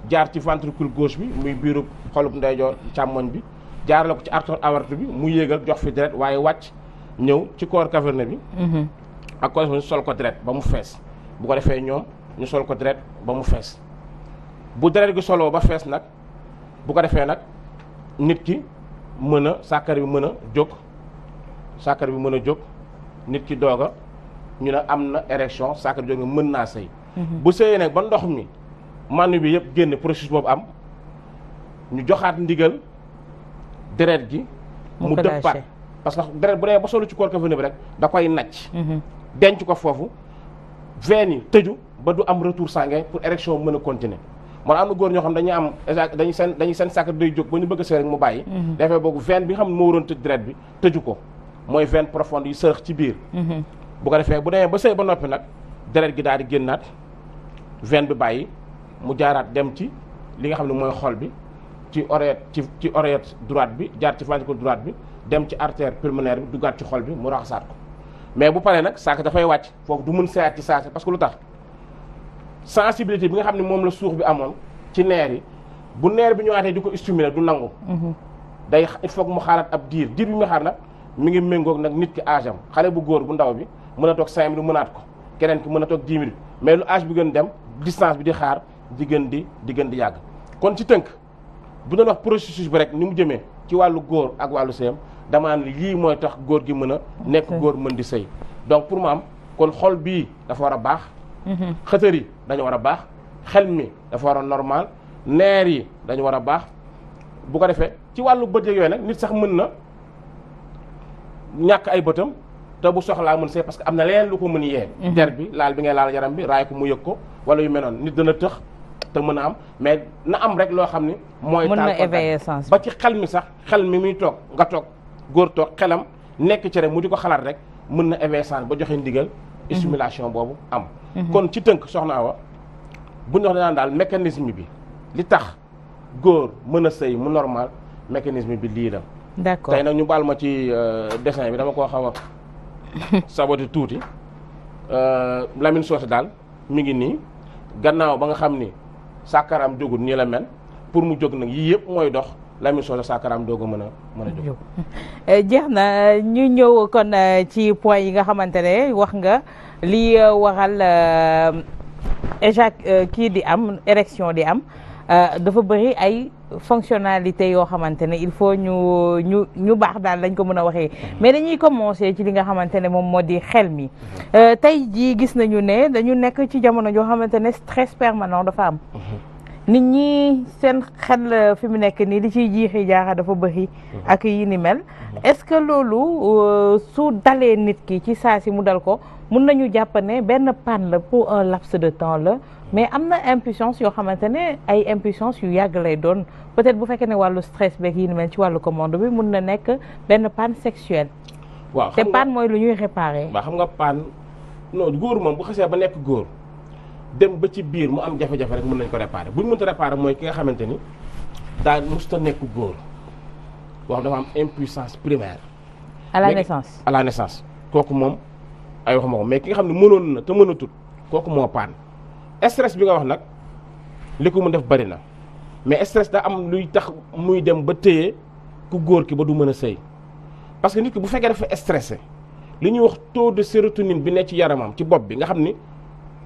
jaar ci ventricule gauche bi muy biirub xolub ndeyjoor càmmoñ bi jaar la ko ci artère aortique bi mu yéegal jox fi deret waaye wàcc ñëw ci corps caverneux bi mhm. ak ko ñu ko deret ba mu fees bu ko defee ñoom ñu sol ko deret ba mu fees bu deret gi soloo ba fees nag bu ko defee nag nit ki mën a sàkkar bi mën a jóg sàkkar bi mën a jóg nit ki doog ñu ne am na érection saakar jóge mën naa sëy mhm. bu sëyee nag ba ndox mi manu bi yëpp génn processus boobu am ñu joxaat ndigal deret gi mu dëppaat parce que deret bu dee ba solu ci corps caverneux bi rek da koy nacc mhm. denc ko foofu veine yi tëju ba du am retour sanguin pour érection mën a continuer moo am na góor ñoo xam dañuy am dañu seen dañu day jóg ba ñu bëgg a sëy rek mu bàyyi mhm. defee boobu veine bi xam ne moo waroon tëj deret bi tëju ko mooy veine profonde yi bu ko defee bu demee ba sëy ba noppi nag deret gi daal di génnaat veine bi bàyyi mu jaaraat dem ci li nga xam ne mooy xol bi ci oreillette ci ci oreillette droite bi jaar ci ventricule duraat bi dem ci artère pulmonaire bi duggaat ci xol bi mu raxasaat ko mais bu paree nag saak dafay wàcc foofu du mën seeyaat ci saase parce que lu tax sensibilité bi nga xam ne moom la suux bi amoon ci neer yi bu neer bi ñu ñëwaatee di ko stimuler du nangu. Mm-hmm. day il faut mu xaaraat ab diir diir bi mu ngi méngoog nag nit ki âge xale bu góor bu ndaw bi. mën tok 5000 cinq minutes mënaat ko keneen ki mën tok 10000 mais lu âge bi gën dem distance bi di xaar di gën di di gën di yag kon ci teunk bu do wax processus bi rek ni mu jëmee ci walu góor ak walu sëyam dama ne li moy tax góor gi mën nek nekk mën di sey donc pour mam kon xol bi dafa wara bax baax mhm. dañu wara bax xel mi dafa wara normal neer yi dañu wara bax bu ko defé ci walu bët yoy nak nit sax mën na ay bëtam te bu soxlaa mën see parce que am na leneen lu ko mën yee mhm. der bi laal bi ngay laal yaram bi raay ko mu yëg ko wala yu mel nit dana tëx te mën a am mais na am rek loo xam ne mooy taal ba ci xel mi sax xel mi muy toog nga toog góor toog xelam nekk ci rek mu di ko xalaat rek mën na éveillé sens ba joxe ndigal mhm. stimulation boobu am mhm. kon ci tënk soxna Awa bu ñu wax daal mécanisme bi li tax góor mën a sëy mu normal mécanisme bi lii la d'accord tey nag ñu baal ma ci euh, dessin bi dama koo xaw a saboté tuuti euh, Lamine Socé daal mi ngi nii gannaaw ba nga xam ni sàkkaraam jógul nii la mel pour mu jóg nag yii yëpp mooy dox Lamine Socé sàkkaraam doog a mën a mën euh, ñu ñëw kon euh, ci point yi nga xamante wax nga li waral éjac kii di am érection di am. Euh, dafa bëri ay fonctionnalité yoo xamante ne il faut ñu ñu ñu baax daal lañ ko mën a waxee mhm. mais dañuy commencé ci li nga xamante ne moom moo di xel mi mhm. euh, tey jii gis nañu ne dañu nekk ci jamono joo xamante ne stress permanent dafa am mhm nit ñi seen xel euh, fi mu nekk nii li ciy jiixi jaaxa dafa bëri mhm. ak yi ni mel mhm. est-ce que loolu euh, su dalee nit ki ci saa mu dal ko mun nañu jàpp ne benn panne la pour un laps de temps la mhm. mais am na impuissance yoo xamante ne ay impuissance yu yàgg lay doon peut-être bu fekkee ne wàllu stress beeg yi ni mel ci wàllu commande bi mun na nekk benn panne sexuelle waaw te panne mooy lu ñuy réparer waaw xam nga panne non góor moom bu xasee ba nekk góor dem ba ci biir mu am jafe-jafe rek mën nañ ko réparer buñ mënta réparer mooy ki nga xamante ni daa musta nekk góor boo xam dafa am impuissance primaire. à la naissance à la naissance kooku moom ay wax ko mais ki nga xam ne mënoon na te mënatut kooku moo paan stress bi nga wax nag li ko mu def bari na mais stress da am luy tax muy dem ba téye ku góor ki ba du mën a sëy parce que nit ki bu fekkee dafa stressé li ñuy wax taux de sérotonine bi ne ci yaramam ci bopp bi nga xam ni.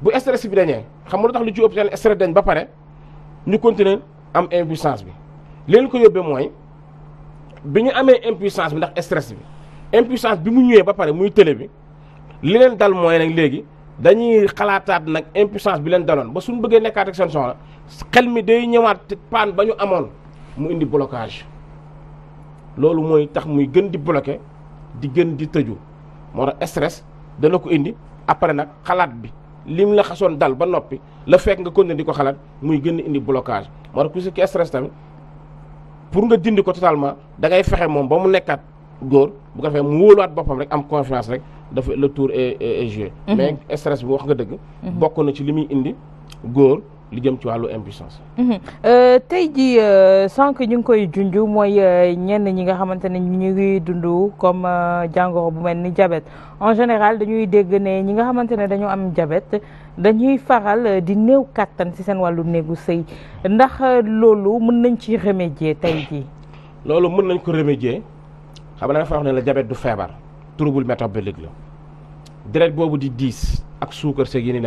bu stress bi dañee xam nga lu tax lu ci ëpp seen stress dañ ba pare ñu continuer am impuissance bi leen ko yóbbee mooy bi ñu amee impuissance bi ndax stress bi impuissance bi mu ñëwee ba pare muy télé bi li leen dal mooy nag léegi dañuy xalaataat nag impuissance bi leen daloon ba suñu bëggee nekkaat ak seen soxla xel mi day ñëwaat paan ba ñu amoon mu indi blocage loolu mooy tax muy gën di bloqué di gën di tëju moo tax stress dana ko indi après nag xalaat bi li lim la xasoon dal ba noppi la fekk nga continuer di ko xalaat muy génn indi blocage moo tax ku si ki stress tamit pour nga dindi ko totalement da ngay fexe moom ba mu nekkaat góor bu ko defee mu wóoluwaat boppam rek am confiance rek dafa le tour est joué mhm. mais stress bi wax nga dëgg mhm. bokk na ci li muy indi góor li jëm ci walu impuissance. Mhm. Euh, tay ji euh, sank ñu ngi koy jundju moy euh, ñen ñi nga xamante ne ñu ngi dundu comme jàngoro bu melni ni diabète en général dañuy dégg né ñi nga xamante dañu am diabète dañuy faral di new katan ci seen walu négu sey ndax lolu mën nañ ci remédier tay ji lolu mën nañ ko remédier xam naa dafa wax ne la diabète du fièvre trouble métabolique la direct bobu di 10 ak sucre seeg yini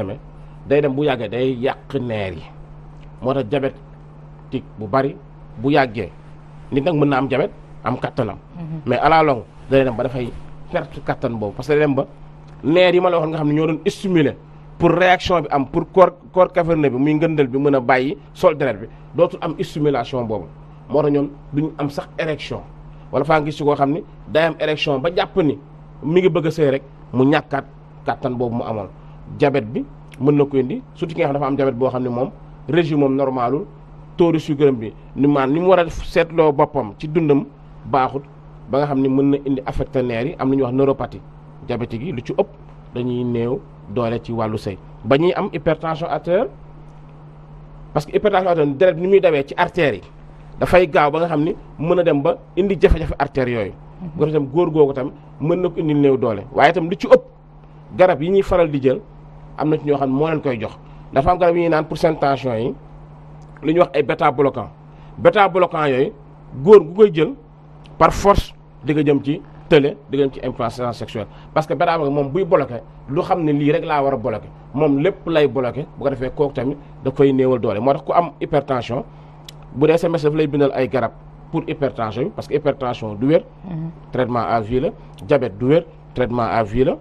day dem bu yàggee day yàq neer yi moo tax jabet tig bu bari bu yàggee nit nag mën na am jabet am kattanam. Mhm. mais à la longue day dem ba dafay perte kattan boobu parce que day dem ba neer yi ma la wax nga xam ne ñoo doon stimuler pour réaction bi am pour corps corps caverneux bi muy ngëndal bi mën a bàyyi sol deret bi dootul am stimulation boobu moo tax ñoom duñu am sax érection wala faa ngi koo xam ni day am érection ba jàpp ni mi ngi bëgg a sëy rek mu ñàkkaat kattan boobu mu amoon jabet bi. mën na ko indi surtout ki nga xam dafa am diabète boo xam ne moom régime moom normalul taux de sucre bi ni maan ni mu war a seetloo boppam ci dundam baaxut ba nga xam ne mën na indi affecté nerf yi am lu ñuy wax neuropathie diabétique gi lu ci ëpp dañuy néew doole ci wàllu sëy ba ñuy am hypertension artérielle parce que hypertension artérielle deret ni muy dawee ci artères yi dafay gaaw ba nga xam ni mën a dem ba indi jafe-jafe artères yooyu bu ko góor googu tam mën na ko indi néew doole waaye itam lu ci ëpp garab yi ñuy faral di jël amna na ci ñoo xam mo moo leen koy jox dafa am garab yi nane naan pour seen yi lu ñuy wax ay beta bloquant beta bloquant yoy goor gu koy jël par force diga jëm ci tële diga jëm ci implantation sexuelle parce que beta moom buy bloquer lu xam li rek la wara bloquer mom lepp lay bloquer bu ko defé kooku tamit da koy néewal doole moo tax ku am hypertension bu dé SMS daf lay bindal ay garab pour hypertension parce que hypertension du wér mhm. traitement à vie la diabète du wér traitement à vie la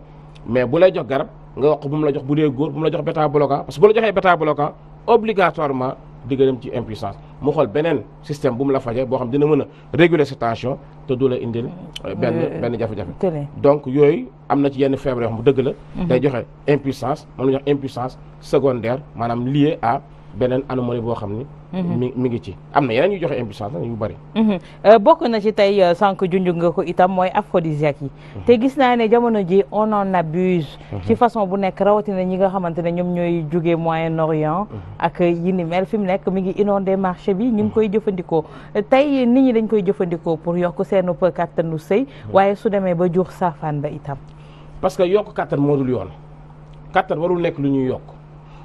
mais bu lay jox garab nga wax bu mu la jox bu dee góor bu mu la jox bêta bloquant parce que bu la joxee bêta bloquant obligatoirement di nga dem ci impuissance mu xool beneen système bu mu la fajee boo xam dina mën a réguler sa tension te du la indil euh, euh, benn euh, benn jafe-jafe donc yooyu am na ci yenn feebar yoo xam bu dëgg la mhm. day joxe impuissance moom la jox impuissance secondaire maanaam lié a beneen anomalie boo xam ni. Mhm. mi ngi ci am na yeneen yu joxe impuissance yu bari. Mhm. Euh, bokk na ci tey euh, sànq junj nga ko itam mooy aphrodisiaque yi. Mhm. te gis naa ne jamono ji on en abuse. ci façon bu nekk rawatina ñi nga xamante ne ñoom ñooy jóge Moyen-Orient. ak yi ni mel fi mu nekk mi ngi inondé marché bi ñu ngi koy jëfandikoo tey nit ñi dañ koy jëfandikoo pour yokk seenu kàttanu sëy. waaye su demee ba jur saafaan ba itam. parce que yokk kattan moo dul yoon kàttan warul nekk lu ñuy yokk.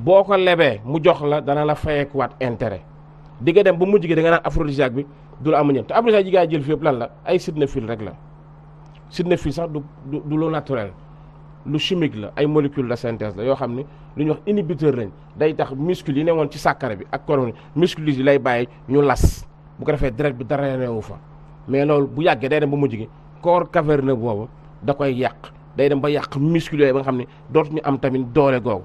boo ko lebee mu jox la dana la fayeekuwaat intérêt di nga dem ba mujj gi da nga naan aphrodisiaque bi du la amu ñam te aphrodisiaque yi gaa jël fi yëpp lan la ay sidnéphile rek la sidnéphile sax du du lu naturel lu chimique la ay molécule la synthèse la yoo xam ne lu ñu wax inhibiteur lañ day tax muscles yi ne woon ci sàkkara bi ak koron muscles lay bàyyi ñu las bu ko defee deret bi dara neewu fa mais loolu bu yàggee day dem ba mujj gi corps caverneux boobu da koy yàq day dem ba yàq muscles yooyu nga xam ne dootuñu am tamit doole googu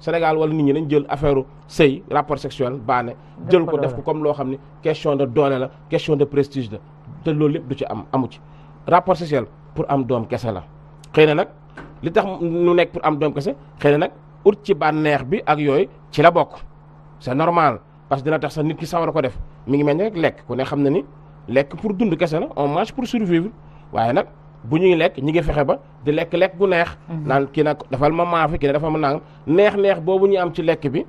Sénégal wala nit ñi dañ jël affaire sey rapport sexuel baane jël ko def ko comme lo xamni question de doole la question de prestige la te loolu lepp du ci am amu ci rapport sexuel pour am doom kese la xeyna nak li tax nu nek pour am doom kese xeyna nak nag ci bànneex bi ak yoy ci la bok c'est normal parce que dina tax sa nit ki sawara ko def mi ngi mel ni rek lekk ku ne xam na ni lekk pour dund kese la on mange pour survivre waye nak bu ñuy lekk ñi ngi fexe ba di lekk lekk gu neex. Mhm. naan kii nag dafal ma maafe kii nag dafa ma naan neex neex boobu ñu am ci lekk bi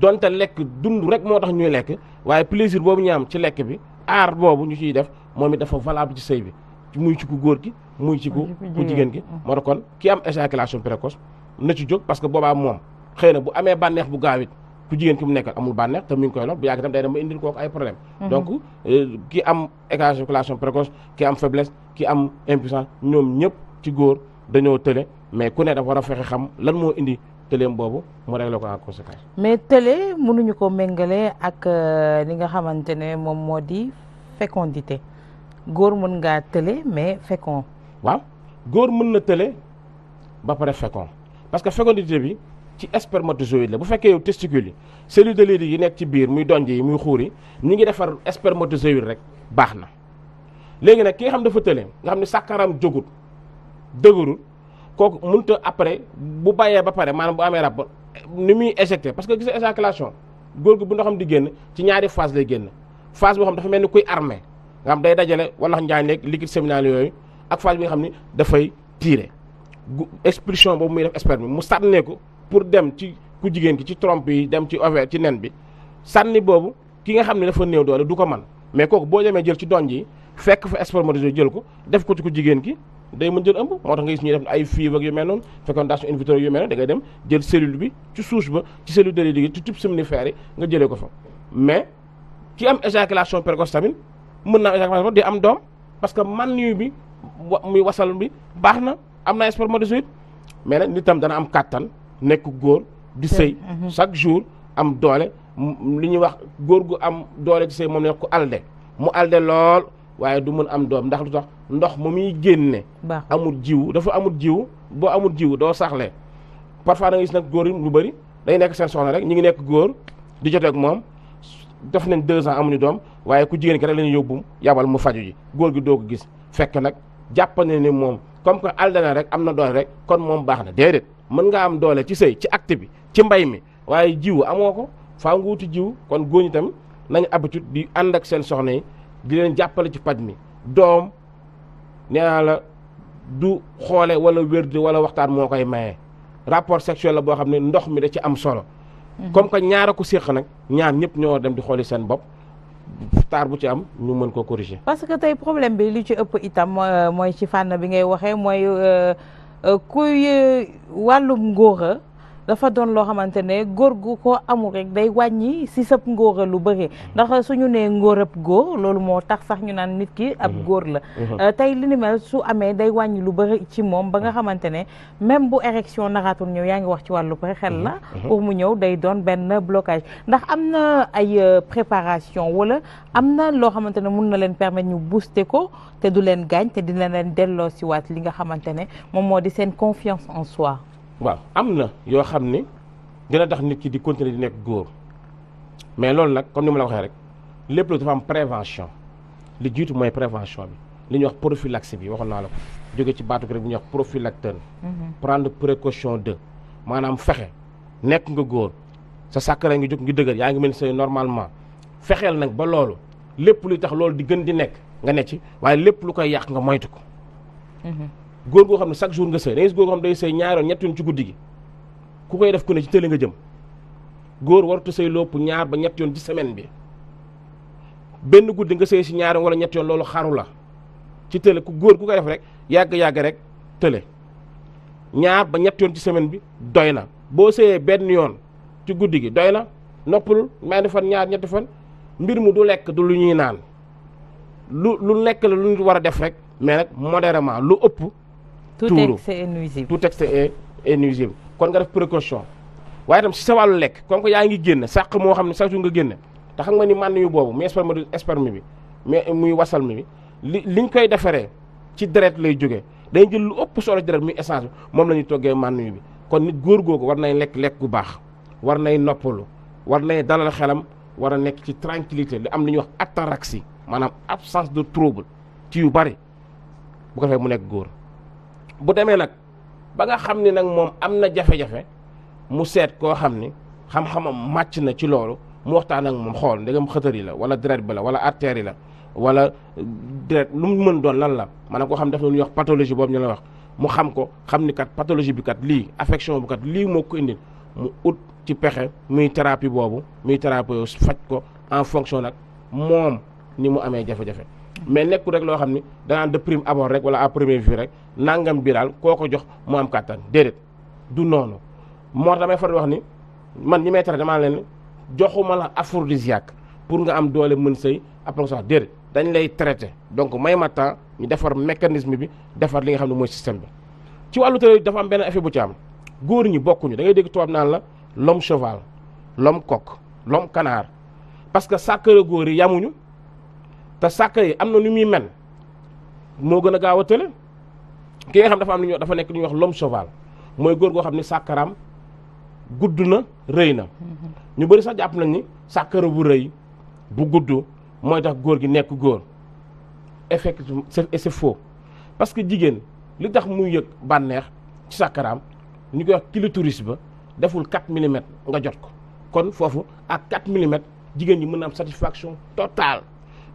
donte lekk dund rek moo tax ñuy lekk waaye plaisir boobu ñu am ci lekk bi aar boobu ñu ciy def moom it dafa valable ci sëy bi muy ci ku góor gi muy ci ku ku jigéen gi. Mhm. moo kon ki am éjaculation précoce na ci jóg parce que boobaa moom xëy na bu amee bànneex bu gaawit ku jigéen ki mu nekkal amul bànneex te mu ngi koy lor bu yàgg itam day dem ba indil kooku ay problème mhm. donc euh, ki am éjaculation précoce ki am faiblesse ki am impuissance ñoom ñëpp ci góor dañoo tële mais ku ne dafa war a fexe xam lan moo indi tëleem boobu mu réglé ko en conséquence. mais tële mënuñu ko méngale ak euh, li nga xamante ne moom moo di fécondité góor mën ngaa tële mais fécond. waaw góor mën na tële ba pare fécond parce que fécondité bi. ci spermatozoïde la bu fekkee yow testicule yi cellules de Leydig yi nekk ci biir muy donj yi muy xuuri yi ngi defar spermatozoïde rek baax na léegi nag ki nga xam dafa tële nga xam ne sàkkaram jógut dëgërul kooku mënta après bu bàyyee ba pare maanaam bu amee rapport ni muy éjecté parce que gis nga éjaculation góor gi bu ndoxam di génn ci ñaari phase lay génn phase boo xam dafa mel ni kuy armé nga xam day dajale walax njaañ leeg liquide séminal yooyu ak phase xam ni dafay tiire expulsion boobu muy def sperme mu sànnee ko pour dem ci ku jigéen ki ci trompe yi dem ci over ci nen bi sànni boobu ki nga xam ne dafa néew doole du ko man mais kooku boo demee jël ci donj yi fekk fa spermatozoïde jël ko def ko ci ku jigéen ki day mën jël ëmb moo tax nga gis ñuy def ay FIV ak yu mel noonu fécondation in vitro yu mel noonu da ngay dem jël cellule bi ci souche ba ci cellule de l'utérus ci tube séminifère yi nga jëlee ko fa mais ki am éjaculation précoce tamit mën naa am éjaculation di am doom parce que man yu bi muy wasal bi baax na am na spermatozoïde mais nag nit tam am kàttan nekk góor di sëy mhm. chaque jour am doole li ñuy wax góor gu am doole di sëy moom nekk ku alde mu alde lool waaye du mën am doom ndax du tax ndox mu muy génne amul jiwu dafa amul jiwu boo amul jiwu doo saxle parfois da nga gis nag góor yi lu bëri day nekk seen soxna rek ñu ngi nekk góor di joteeg moom def nañ deux ans amuñu doom waaye ku jigéen ki rek la ñu yóbbu yabal mu faju yi góor gi doo ko gis fekk nag jàpp ne ni moom comme que aldana rek am na doole rek kon moom baax na déedéet mën nga am doole ci sëy ci acte bi ci mbay mi waaye jiw amoo ko faaw nga wuti jiw kon góor ñi tam nañ habitude di ànd ak seen soxna yi di leen jàppale ci paj mi doom nee la du xoole wala wérdi wala waxtaan moo koy maye rapport sexuel la boo xam ne ndox mi da ci am solo mhm. comme que ñaara ko séq nag ñaar ñëpp ñoo dem di xooli seen bopp taar bu ci am ñu mën ko corriger parce que tey problème bi li ci ëpp itam euh, mooy ci fànn bi ngay waxee mooy euh, kuy wàllum ngóora dafa doon loo xamante ne góor gu ko amul rek day wàññi si sëb ngóora lu bëri ndax suñu nee ngóor ab góor loolu moo tax sax ñu naan nit ki ab mhm. góor la mhm. euh, tey li ni mel su amee day wàññi lu bëri ci moom ba nga mhm. xamante ne même bu érection naraatul ñëw yaa ngi wax ci wàllu bëri xel la pour mu ñëw day doon benn blocage ndax am na ay euh, préparation wala am na loo xamante ne mun na leen permettre ñu booster ko te du leen gaañ te dina leen delloo si waat li nga xamante ne moom moo di seen confiance en soi waaw am na yoo dina tax nit ki di continuer di nekk góor mais loolu nag comme ni ma la waxee rek lépp lu am prévention li prévention bi li ñuy wax prophylaxie bi waxoon naa la prendre précaution de maanaam fexe nekk nga góor sa ngi jóg ngi dëgër yaa ngi mel say normalement fexeel nag ba loolu lépp luy tax loolu di gën di nekk nga ne ci waaye lu koy yàq nga moytu ko. Mhm. góor goo xam ne chaque jour nga sëy da ngay gis góor goo xam ne day sëy ñaari ñetti yoon ci guddi gi ku koy def ku ne ci tële nga jëm góor waratu sëy lopp ñaar ba ñetti yoon ci semaine bi benn guddi nga sëy si ñaar wala ñetti yoon loolu xaru la ci tële ku góor ku koy def rek yàgg-yàgg rek tële ñaar ba ñetti yoon ci semaine bi doy na boo sëyee benn yoon ci guddi gi doy na noppalul may fan ñaar ñetti fan mbir mu du lekk du lu ñuy naan lu lu nekk la lu war a def rek mais nag lu ëpp tout texte est nuisible tout texte est est nuisible kon nga def précaution waaye tam ci sa walu lek kon ko yaangi ngi génn mo xamni xam ne nga génn tax nga ni mànn yu boobu muy sperme bi mais muy wasal mi liñ koy defare ci deret lay jógee day jël lu ëpp solo ci mi muy essence bi moom la ñuy bi kon nit gor googu war nay lek lek gu bax war nay noppalu war nay dalal xelam war a nekk ci tranquillité li am li wax ataraxie manam absence de trouble ci yu bari bu ko fay mu nekk gor bu demee nag ba nga xam ni nag moom am na jafe-jafe mu seet koo xam ni xam-xamam màcc na ci loolu mu waxtaan ak moom xool ndegam xëtër yi la wala deret bi la wala artère yi la wala deret lu mu mën doon lan la maanaam koo xam daf ñuy wax pathologie boobu ñu la wax mu xam ko xam ni kat pathologie bi kat lii affection bi kat lii moo ko indi mu ut ci pexe muy thérapie boobu muy thérapie faj ko en fonction nag moom ni mu amee jafe-jafe mais nekku rek lo xamni da nan de prime abord rek wala a premier vue rek nangam biral koko jox mo am kàttan dedet du nono moo damay faral wax ni man ñi may tere dama len joxuma la aphrodisiaque pour nga am doole mën sey après ça dedet dañ lay traiter donc may ma temps ñu defar mécanisme bi defar li nga xamni moy système bi ci walu tëral dafa am ben effet bu ci am góor ñi ñu da ngay deg tubaab naan la l'homme cheval l'homme coq l'homme canard parce que sàkkara góor yi yamuñu te amna yi am na nu muy mel moo gën a ki nga xam dafa am lu ñuy dafa nek lu wax l'homme cheval moy goor go xamni sakaram sàkkaram gudd na rëy ñu bari sax japp nañ ni sàkkara bu reuy bu guddu moy tax goor gi nek goor effectivement c'est faux parce que jigen li tax muy yëg banex ci sakaram ñu koy wax clitoris ba deful 4 mm nga jot ko kon fofu ak 4 mm jigen ñi mëna am satisfaction totale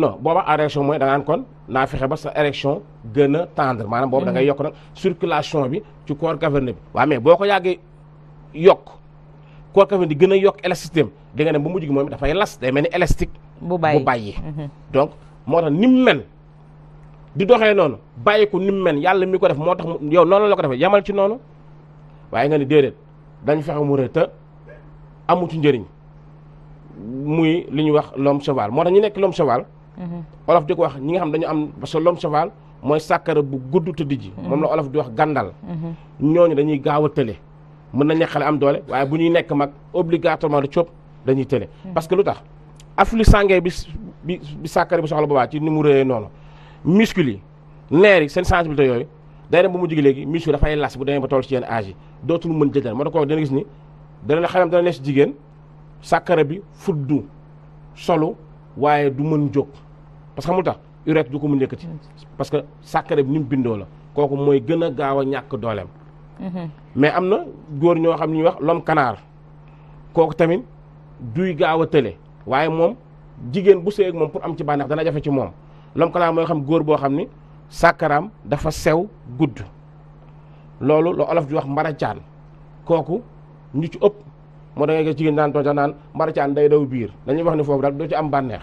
non booba érection mooy da ngaan kon naa fexe ba sa érection gën a tendre maanaam boobu da ngay mhm. yokk nag circulation bi ci corps caverneux bi waaw mais boo ko yàggee yokk corps caverneux di gën a yokk élasticité am di nga ne ba dafay las day mel ni élastique bu bàyyi mhm. donc moo tax ni mu mel di doxee noonu bàyyi ko ni mu mel yàlla mi ko def moo tax yow noonu la ko defee yamal ci noonu waaye nga ne déedéet dañ fexe mu rëy ci njëriñ muy li ñuy wax l'homme cheval moo tax ñu nekk l'homme cheval olaf di ko wax ñi nga xam dañu am parce que l'homme cheval moy sakara bu guddu tëdd ji mom la olaf di wax gandal ñoñu dañuy gawa télé mëna mën am doole waye bu ñuy nekk mak obligatoirement de cóob dañuy télé parce que lutax tax afflux bi bi bi bu soxla baba ci ni mu réyee noonu muscle yi yi sen sensibilité yoy day dem bu mu jigi léegi muscle fay las bu demee ba toll ci yeen âge yi dootul mën jëjal moo tax ko dañu gis ni dañu la xalam dañu si jigen sakara bi fuddu solo, waye du mën parce que xamul tax urette du ko mu mun yëkkati mm-hmm. parce que sàkkare bi ni mu bindoo la kooku mooy gën a gaaw a ñàkk dooleem mm-hmm. mais am na góor ñoo xam ne ñuy wax lom kanaar kooku tamit duy gaaw a tële waaye moom jigéen bu sëy ak moom pour am ci bànneex dana jafe ci moom l'homme canard mooy xam góor boo xam ni sàkkaraam dafa sew gudd loolu la olof di wax mbaracaan kooku ñu ci ëpp moo da ngay gis jigéen daan toog naan mbaracaan day daw biir dañuy wax ni foofu daal doo ci am bànneex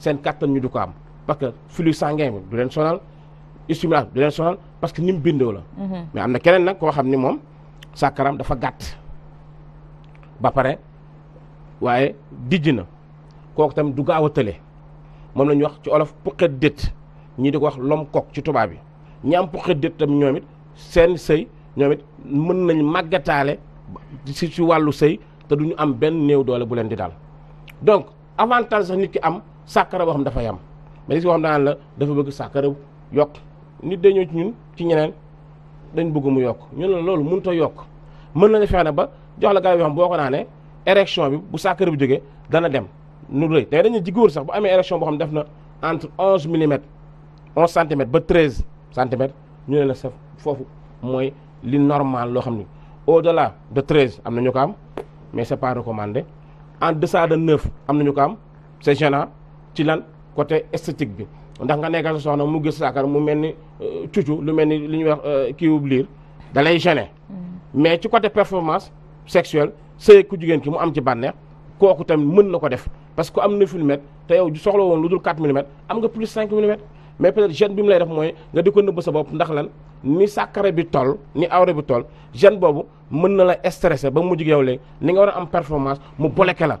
sen ñu du parce que sanguin du len sonal du parce que ni la. Mhm. mais amna keneen nak ko xamni ni sakaram dafa gatt ba pare waye dijina kok tam du a mom lañ wax ci olof puqet det ñi di wax lom kok ci bi ñi am puqet tam ñomit it sey ñomit mën nañ si duñu am ben neew doole bu len di donc avantage sax nit ki sàkkara boo xam dafa yam mais si boo xam daan la dafa bëgg sàkkara yokk nit day ñëw ci ñun ci ñeneen dañ bëgg mu yokk ñu la loolu mun a yokk mën nañu fexe ba jox la garab yoo xam boo ko naanee érection bi bu sàkkara bi jógee dana dem nu rëy tey dañu jigóor sax bu amee érection boo xam def na entre onze millimètres onze centimètres ba treize centimètres ñu ne la sa foofu mooy li normal loo xam ni au la de treize am nañu ko am mais c'est pas recommandé en deçà de neuf am na ñu ko am c'est ci lan côté esthétique bi ndax nga nekk sa soxna mu gis saakar mu mel ni euh, cucu lu mel ni lu ñuy wax euh, kiiwub liir da lay gêner mm. mais ci côté performance sexuelle sëy ku jigéen ki mu am ci bànneex kooku tamit mën na ko def parce que am na millimètres te yow soxla woon lu dul 4 millimètres am nga plus 5 millimètres mais peut jeune bi mu lay def mooy nga di ko nëbb sa bopp ndax lan ni sàkkare bi toll ni awre bi toll gêne boobu mën na la stressé ba mujj yow léegi nga war a am performance mu bloqué la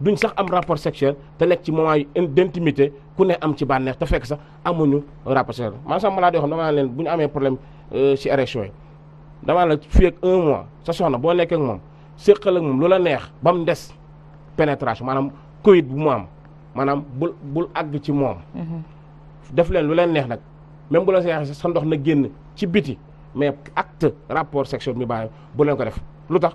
duñ sax am rapport sexuel te nekk ci moment yu d'intimité ku ne am ci banex te fekk sax amuñu rapport sexuel man sax malade yoo xam dama leen bu ñu amee problème euh, ci érection yi damaa la fii ak un mois sa soxna bo nekkee ak mom séqal ak mom lula neex bam dess pénétration manam coït bu mu am manam bul bul ag ci mom -hmm. def leen lu neex nak même bu la seexee sa ndox na génn ci biti mais acte rapport sexuel mi bàyyi bu leen ko def lutax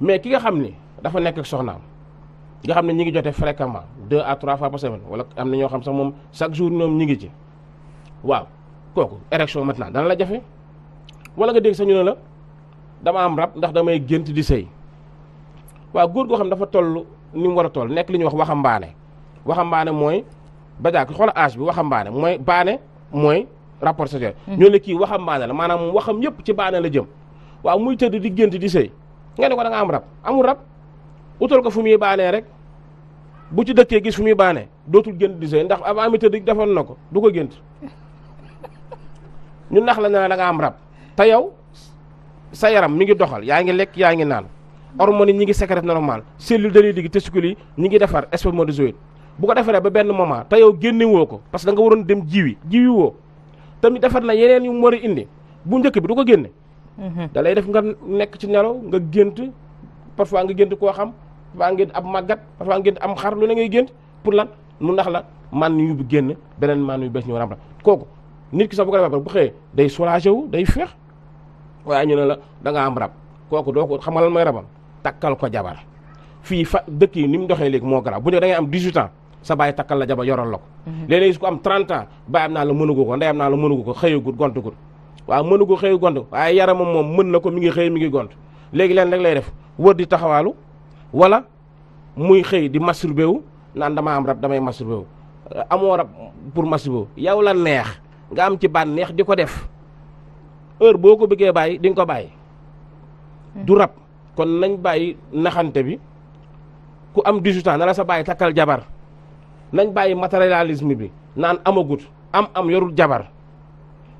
mais ki nga xam ni dafa nekk soxnaam nga xam ne ñi ngi jote fréquemment deux à trois fois par semaine wala am na ñoo xam sax moom chaque jour ñoom ñi ngi ci waaw kooku érection maintenant dana la jafe wala nga dégg sax ñu ne la dama am rab ndax damay gént di sëy waaw góor goo xam dafa toll ni war a toll nekk li ñuy wax waxambaane waxambaane mooy bajaak xoola âge bi waxambaane mooy baane mooy rapport sexuel hmm. ñoo ne kii waxambaane la maanaam waxam yëpp ci baane la jëm waaw muy tëdd di gént di sëy nga ne ko da nga am rab amul rab utal ko fu muy baanee rek bu ci dëkkee gis fu muy baanee dootul génn di ndax avant mi tëdd defoon na ko du ko gént ñu nax la ne da am rab te yow sa yaram mi ngi doxal yaa ngi lekk yaa ngi naan hormones yi ñi ngi sécrète normal cellule de léegi te yi ñi ngi defar spermatozoïde bu ko defaree ba benn moment te yow génne woo ko parce que nga waroon dem jiwi jiwi woo tamit defar na yeneen yu mu war a indi bu njëkk bi du ko génne Mhm. da lay def nga nek ci nelaw nga gënt parfois nga gënt ko xam ba nga gént ab magat parfois nga gént am xar lu ngay gënt pour lan mu ndax la man ñu bu génn beneen man ñu bëss ñu ram la kooku nit ki sa bu ko defee bu xé day soulager wu day fex way ñu ne la da nga am rab koku doo ko xam lan may rabal takal ko jabar fi fa dëkk yi nim doxé lék mo gra bu ñu da ngay am 18 ans sa bàyyi takal la jabar yoral lako lélé mhm. léeg su ko am 30 ans am na la mënugu ko am na la mënugu ko xeyugut gontugut wa mënu ko xey gondo waye yaram mom mën nako mi ngi xey mi ngi gondo legui len rek lay def wër di taxawalu wala muy xey di masturbé wu naan damaa am rab damay masturbé wu euh, amoo rab pour masturbé wu yow la neex nga am ci ban di diko def heure boko bëgge bay di nga ko bay du rab kon nañ bayi naxante bi ku am 18 ans na la sa bay takal jabar nañ bay materialisme bi nan amagut am am yorul jabar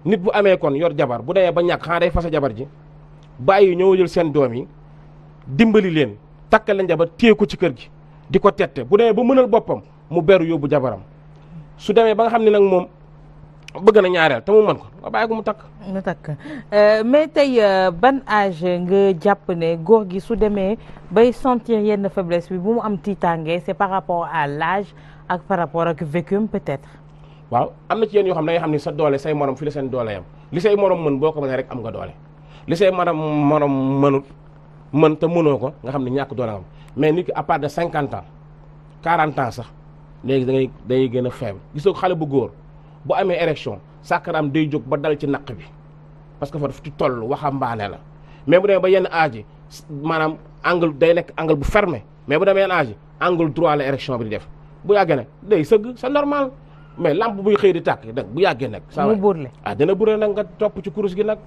nit bu amé kon yor jabar bu ya ba ñak xanaa day fassa jabar ji bayyi ñoo jël seen doom yi dimbali leen takal leen jabar téye ko ci kër gi di tété bu demee ba mënal bopam mu bëru yóbbu jabaram su demee ba nga xamni nak mom bëgg na ñaareel te mu ko ba ko mu na tak euh mais tay euh, ban âge nga japp né góor gi su démé bay sentir yenn faiblesse bi bu mu am tiitaange c'est par rapport à l'âge ak par rapport ak vécu peut-être. waaw am na ci yéen yoo xam da nga xam ni sa doole say morom fi la seen doole yam li say morom mën boo ko mënee rek am nga doole li say morom moroom mënut mën te mënoo ko nga xam ne ñàkk doole am mais nit ki à part de sax léegi da ngay day gën a faible gisoo xale bu góor bu amee érection sàkkaraam day jóg ba dal ci naq bi parce que fa daf ci toll waxambaane la mais bu demee ba yenn aaji yi maanaam angle day nekk angle bu ferme mais bu demee yenn âge yi angle droit la érection bi di def bu yàggee nag mais lampe buy xëy di tàkk nag bu yàggee nag. saa waay ah dana buree nag nga topp ci kurus gi nag.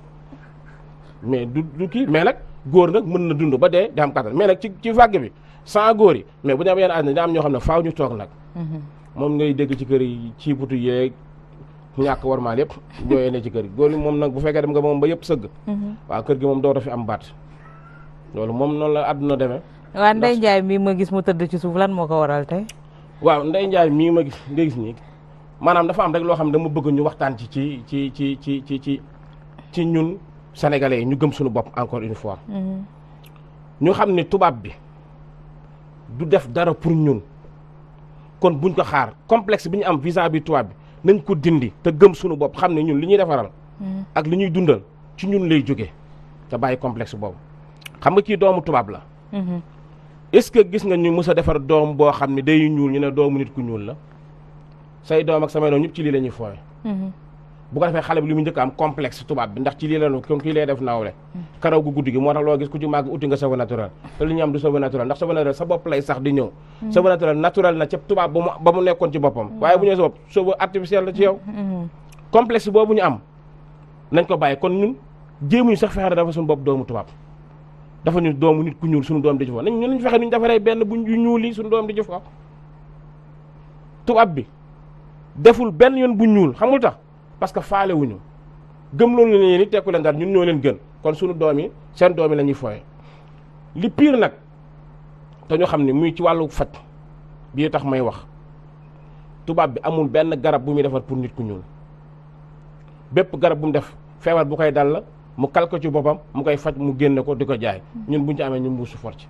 mais du du kii mais nag góor nag mën na dund ba dee di am kattan mais nag ci ci vague bi sans góor yi mais bu ñu am yenn àddina daa ñoo xam ne faaw ñu toog nag. Mhm. moom ngay dégg ci kër yi ci butu yeeg ñàkk warmaal yëpp jooyee ne ci kër yi góor moom nag bu fekkee dem nga moom ba yëpp sëgg. Mhm. waaw kër gi moom doo fi am baat loolu moom noonu la àdduna demee. waaw Ndeye Ndiaye mii ma gis mu tëdd ci suuf lan moo ko waral tey. waaw Ndeye Ndiaye mii ma gis nga gis nii maanaam dafa am rek loo xam ne dama bëgg ñu waxtaan ci ci ci ci ci ci ci ci ñun sénégalais yi ñu gëm suñu bopp encore une fois. Mm-hmm. ñu xam ne tubaab bi du def dara pour ñun kon buñ ko xaar complexe bi ñu am vis à tubaab bi nañ ko dindi te gëm suñu bopp xam ne ñun li ñuy defaral. Mm-hmm. ak li ñuy dundal ci ñun lay jóge te bàyyi complexe boobu xam nga kii doomu tubaab la. Mm-hmm. est-ce que gis nga ñu mës defar doom boo xam ne day ñuul ñu ne doomu nit ku ñuul la. say doom ak samay doom ñep ci li la ñuy hmm bu ko defé xalé bi lu mu njëkk am complexe tubaab bi ndax ci li la ñu kon kii lay def nawlé karaw gu guddigi gi moo tax loo gis ku ci mag uuti nga cheveux naturel te li ñu am du cheveux naturel ndax cheveux naturel sa bop lay sax di ñëw cheveux mhm. naturel naturel na ci tubaab ba mu ba mu nekkoon ci bopam mhm. waye bu ñëwee sa bopp cheveux artificiel la ci yow mhm. complexe bobu ñu am nañ ko bàyyi kon ñun jëmuñ sax fexé dafa sun bop doomu tubaab dafa ñu doomu nit ku ñuul suñu doom di jëf nañ ñu nañ ñu defaree benn bu ñu suñu doom di jëf tubaab bi deful benn yoon bu ñuul xamul tax parce que faale wuñu gëm loolu ni tekku leen dara ñun ñoo leen gën kon sunu doom yi seen doom yi la ñuy fooye li piir nag te ñu xam ne muy ci wàllu faj bii tax may wax tubaab bi amul benn garab bu muy defar pour nit ku ñuul bépp garab bu mu def feebar bu koy dal la mu kal ko ci boppam mu koy faj mu génne ko di ko jaay ñun buñ ci amee ñu mbuusu for ci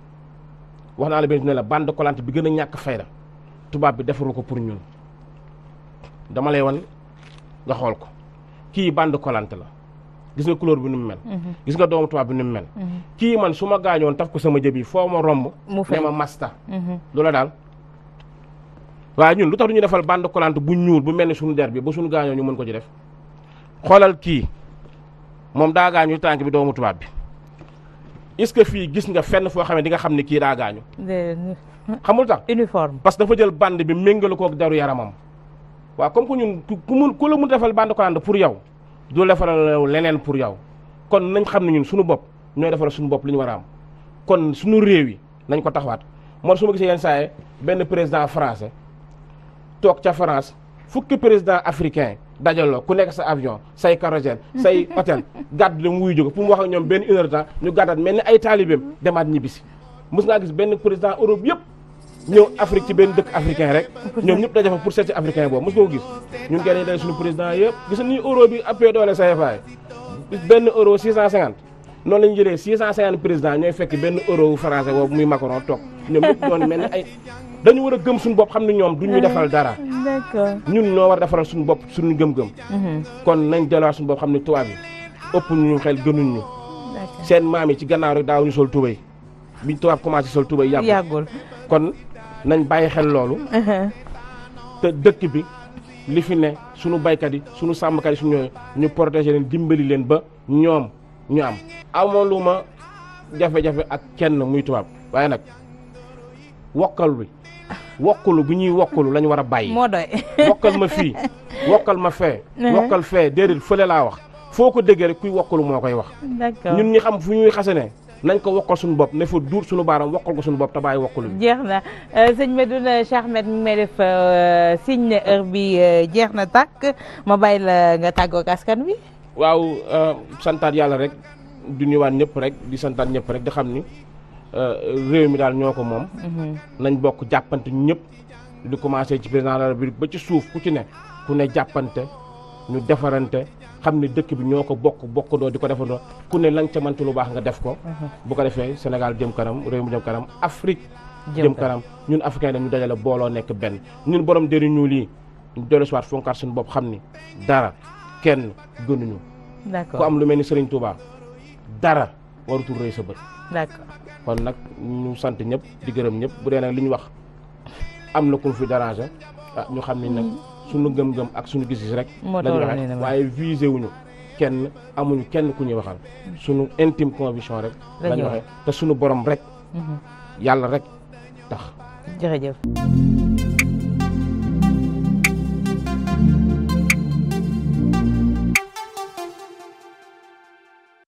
wax naa la benn ne la bande kolante bi gën a ñàkk fayda tubaab bi defaru ko pour ñun dama lay wan nga xool ko kii bande collante la gis nga couleur bi ni mu mel. Mhm. gis nga doomu tubaab bi ni mu mel. Mhm. kii man su ma gaañoon taf ko sama jëb foo mu ne ma masta. loola mhm. daal lu tax ñu defal bande collante bu ñuul bu mel ni suñu der bi ba suñu gaañoo kii moom daa gaañu tànk bi doomu tubaab bi. est-ce que fii gis nga fenn foo xam ne di nga xam ne kii daa gaañu. xamul tax uniforme parce que dafa jël band bi méngale koog deru yaramam. waaw comme que ñun ku mun ku la mun defal bande commande pour yow du la defal leneen pour yow kon nañ xam ne ñun suñu bopp ñooy defal suñu bopp li ñu war am kon suñu réew yi nañ ko taxawaat moo su ma gisee yenn saa benn président français toog ca France fukki président africain dajaloo ku nekk sa avion say kérosène say hôtel gàddu dem wuy jóge fu mu wax ak ñoom benn une heure ñu gàddaat mel ni ay taalibeem mm-hmm. demaat ñibbisi mos naa gis benn président Europe yëpp ñëw Afrique ci benn dëkk africain rek ñoom ñëpp dajafa pour seet si africain boobu mos koo gis ñun kenn day suñu président yëpp gis nañu euro bi appuyé doole CFA yi benn euro 650 noonu la ñu jëlee 650 président ñooy fekk benn euro français boobu muy Macron toog ñoom ñëpp doon mel ne ay dañu war a gëm suñu bopp xam ne ñoom duñ ñu defal dara ñun ñoo war a defaral suñu bopp suñu gëm-gëm mhm. kon nañ delluwaat suñu bopp xam ne tubaab yi ëpp ñu xel gënuñ ñu seen maam yi ci gannaaw rek daawuñu sol nañ bàyyi xel loolu. Uh-huh. te dëkk bi li fi ne sunu baykat yi sunu sàmmkat yi sunu ñu protéger leen dimbali leen ba ñoom ñu am amoon lu ma jafe-jafe ak kenn muy tubaab waaye nag wokkal bi wokkulu bu ñuy wokkulu lañ war a bàyyi. moo doy wokkal ma fii wokkal ma fee. Uh-huh. wokkal fee déedéet fële laa wax foo ko déggee rek kuy wokkulu moo koy wax. ñun ñi xam fu ñuy xasane nañ ko wokkal suñu bopp ne fa duur suñu baaram wokkal ko suñu bopp te bàyyi wokkul bi jeex na euh, sëñ Medoune euh, Cheikh Ahmed mi def euh, signe ne heure bi jeex na tàkk ma bàyyi la nga tàggoog askan wi waaw santaat yàlla rek du ñëwaat ñëpp rek di santaat ñëpp rek di xam ni réew mi daal ñoo ko moom mhm. nañ bokk jàppante ñëpp di commencé ci président de bi ba ci suuf ku ci ne ku ne jàppante ñu defarante xam ne dëkk bi ñoo ko bokk bokkandoo di ko defandoo ku ne la nga ca mënti lu baax nga def ko. Mhm. bu ko defee Sénégal jëm kanam réew mi jëm kanam Afrique. jëm kanam ñun africain dañu dajale booloo nekk benn ñun borom dëri ñuul yi ñu doole si waat fonkaat suñu bopp xam ni dara kenn gënuñu. d'accord ku am lu mel ni Serigne Touba dara warutul rëy sa bët. kon nag ñu sant ñëpp di gërëm ñëpp bu dee nag li ñu wax am na ku fi déranger ah ñu xam ni nag. Mm. suñu ngëm-ngëm ak suñu gis-gis rek lañu waxee waaye visé wuñu kenn amuñu kenn ku ñuy waxal hmm. suñu intime conviction rek lañu waxee te suñu borom rek hmm. yàlla rek tax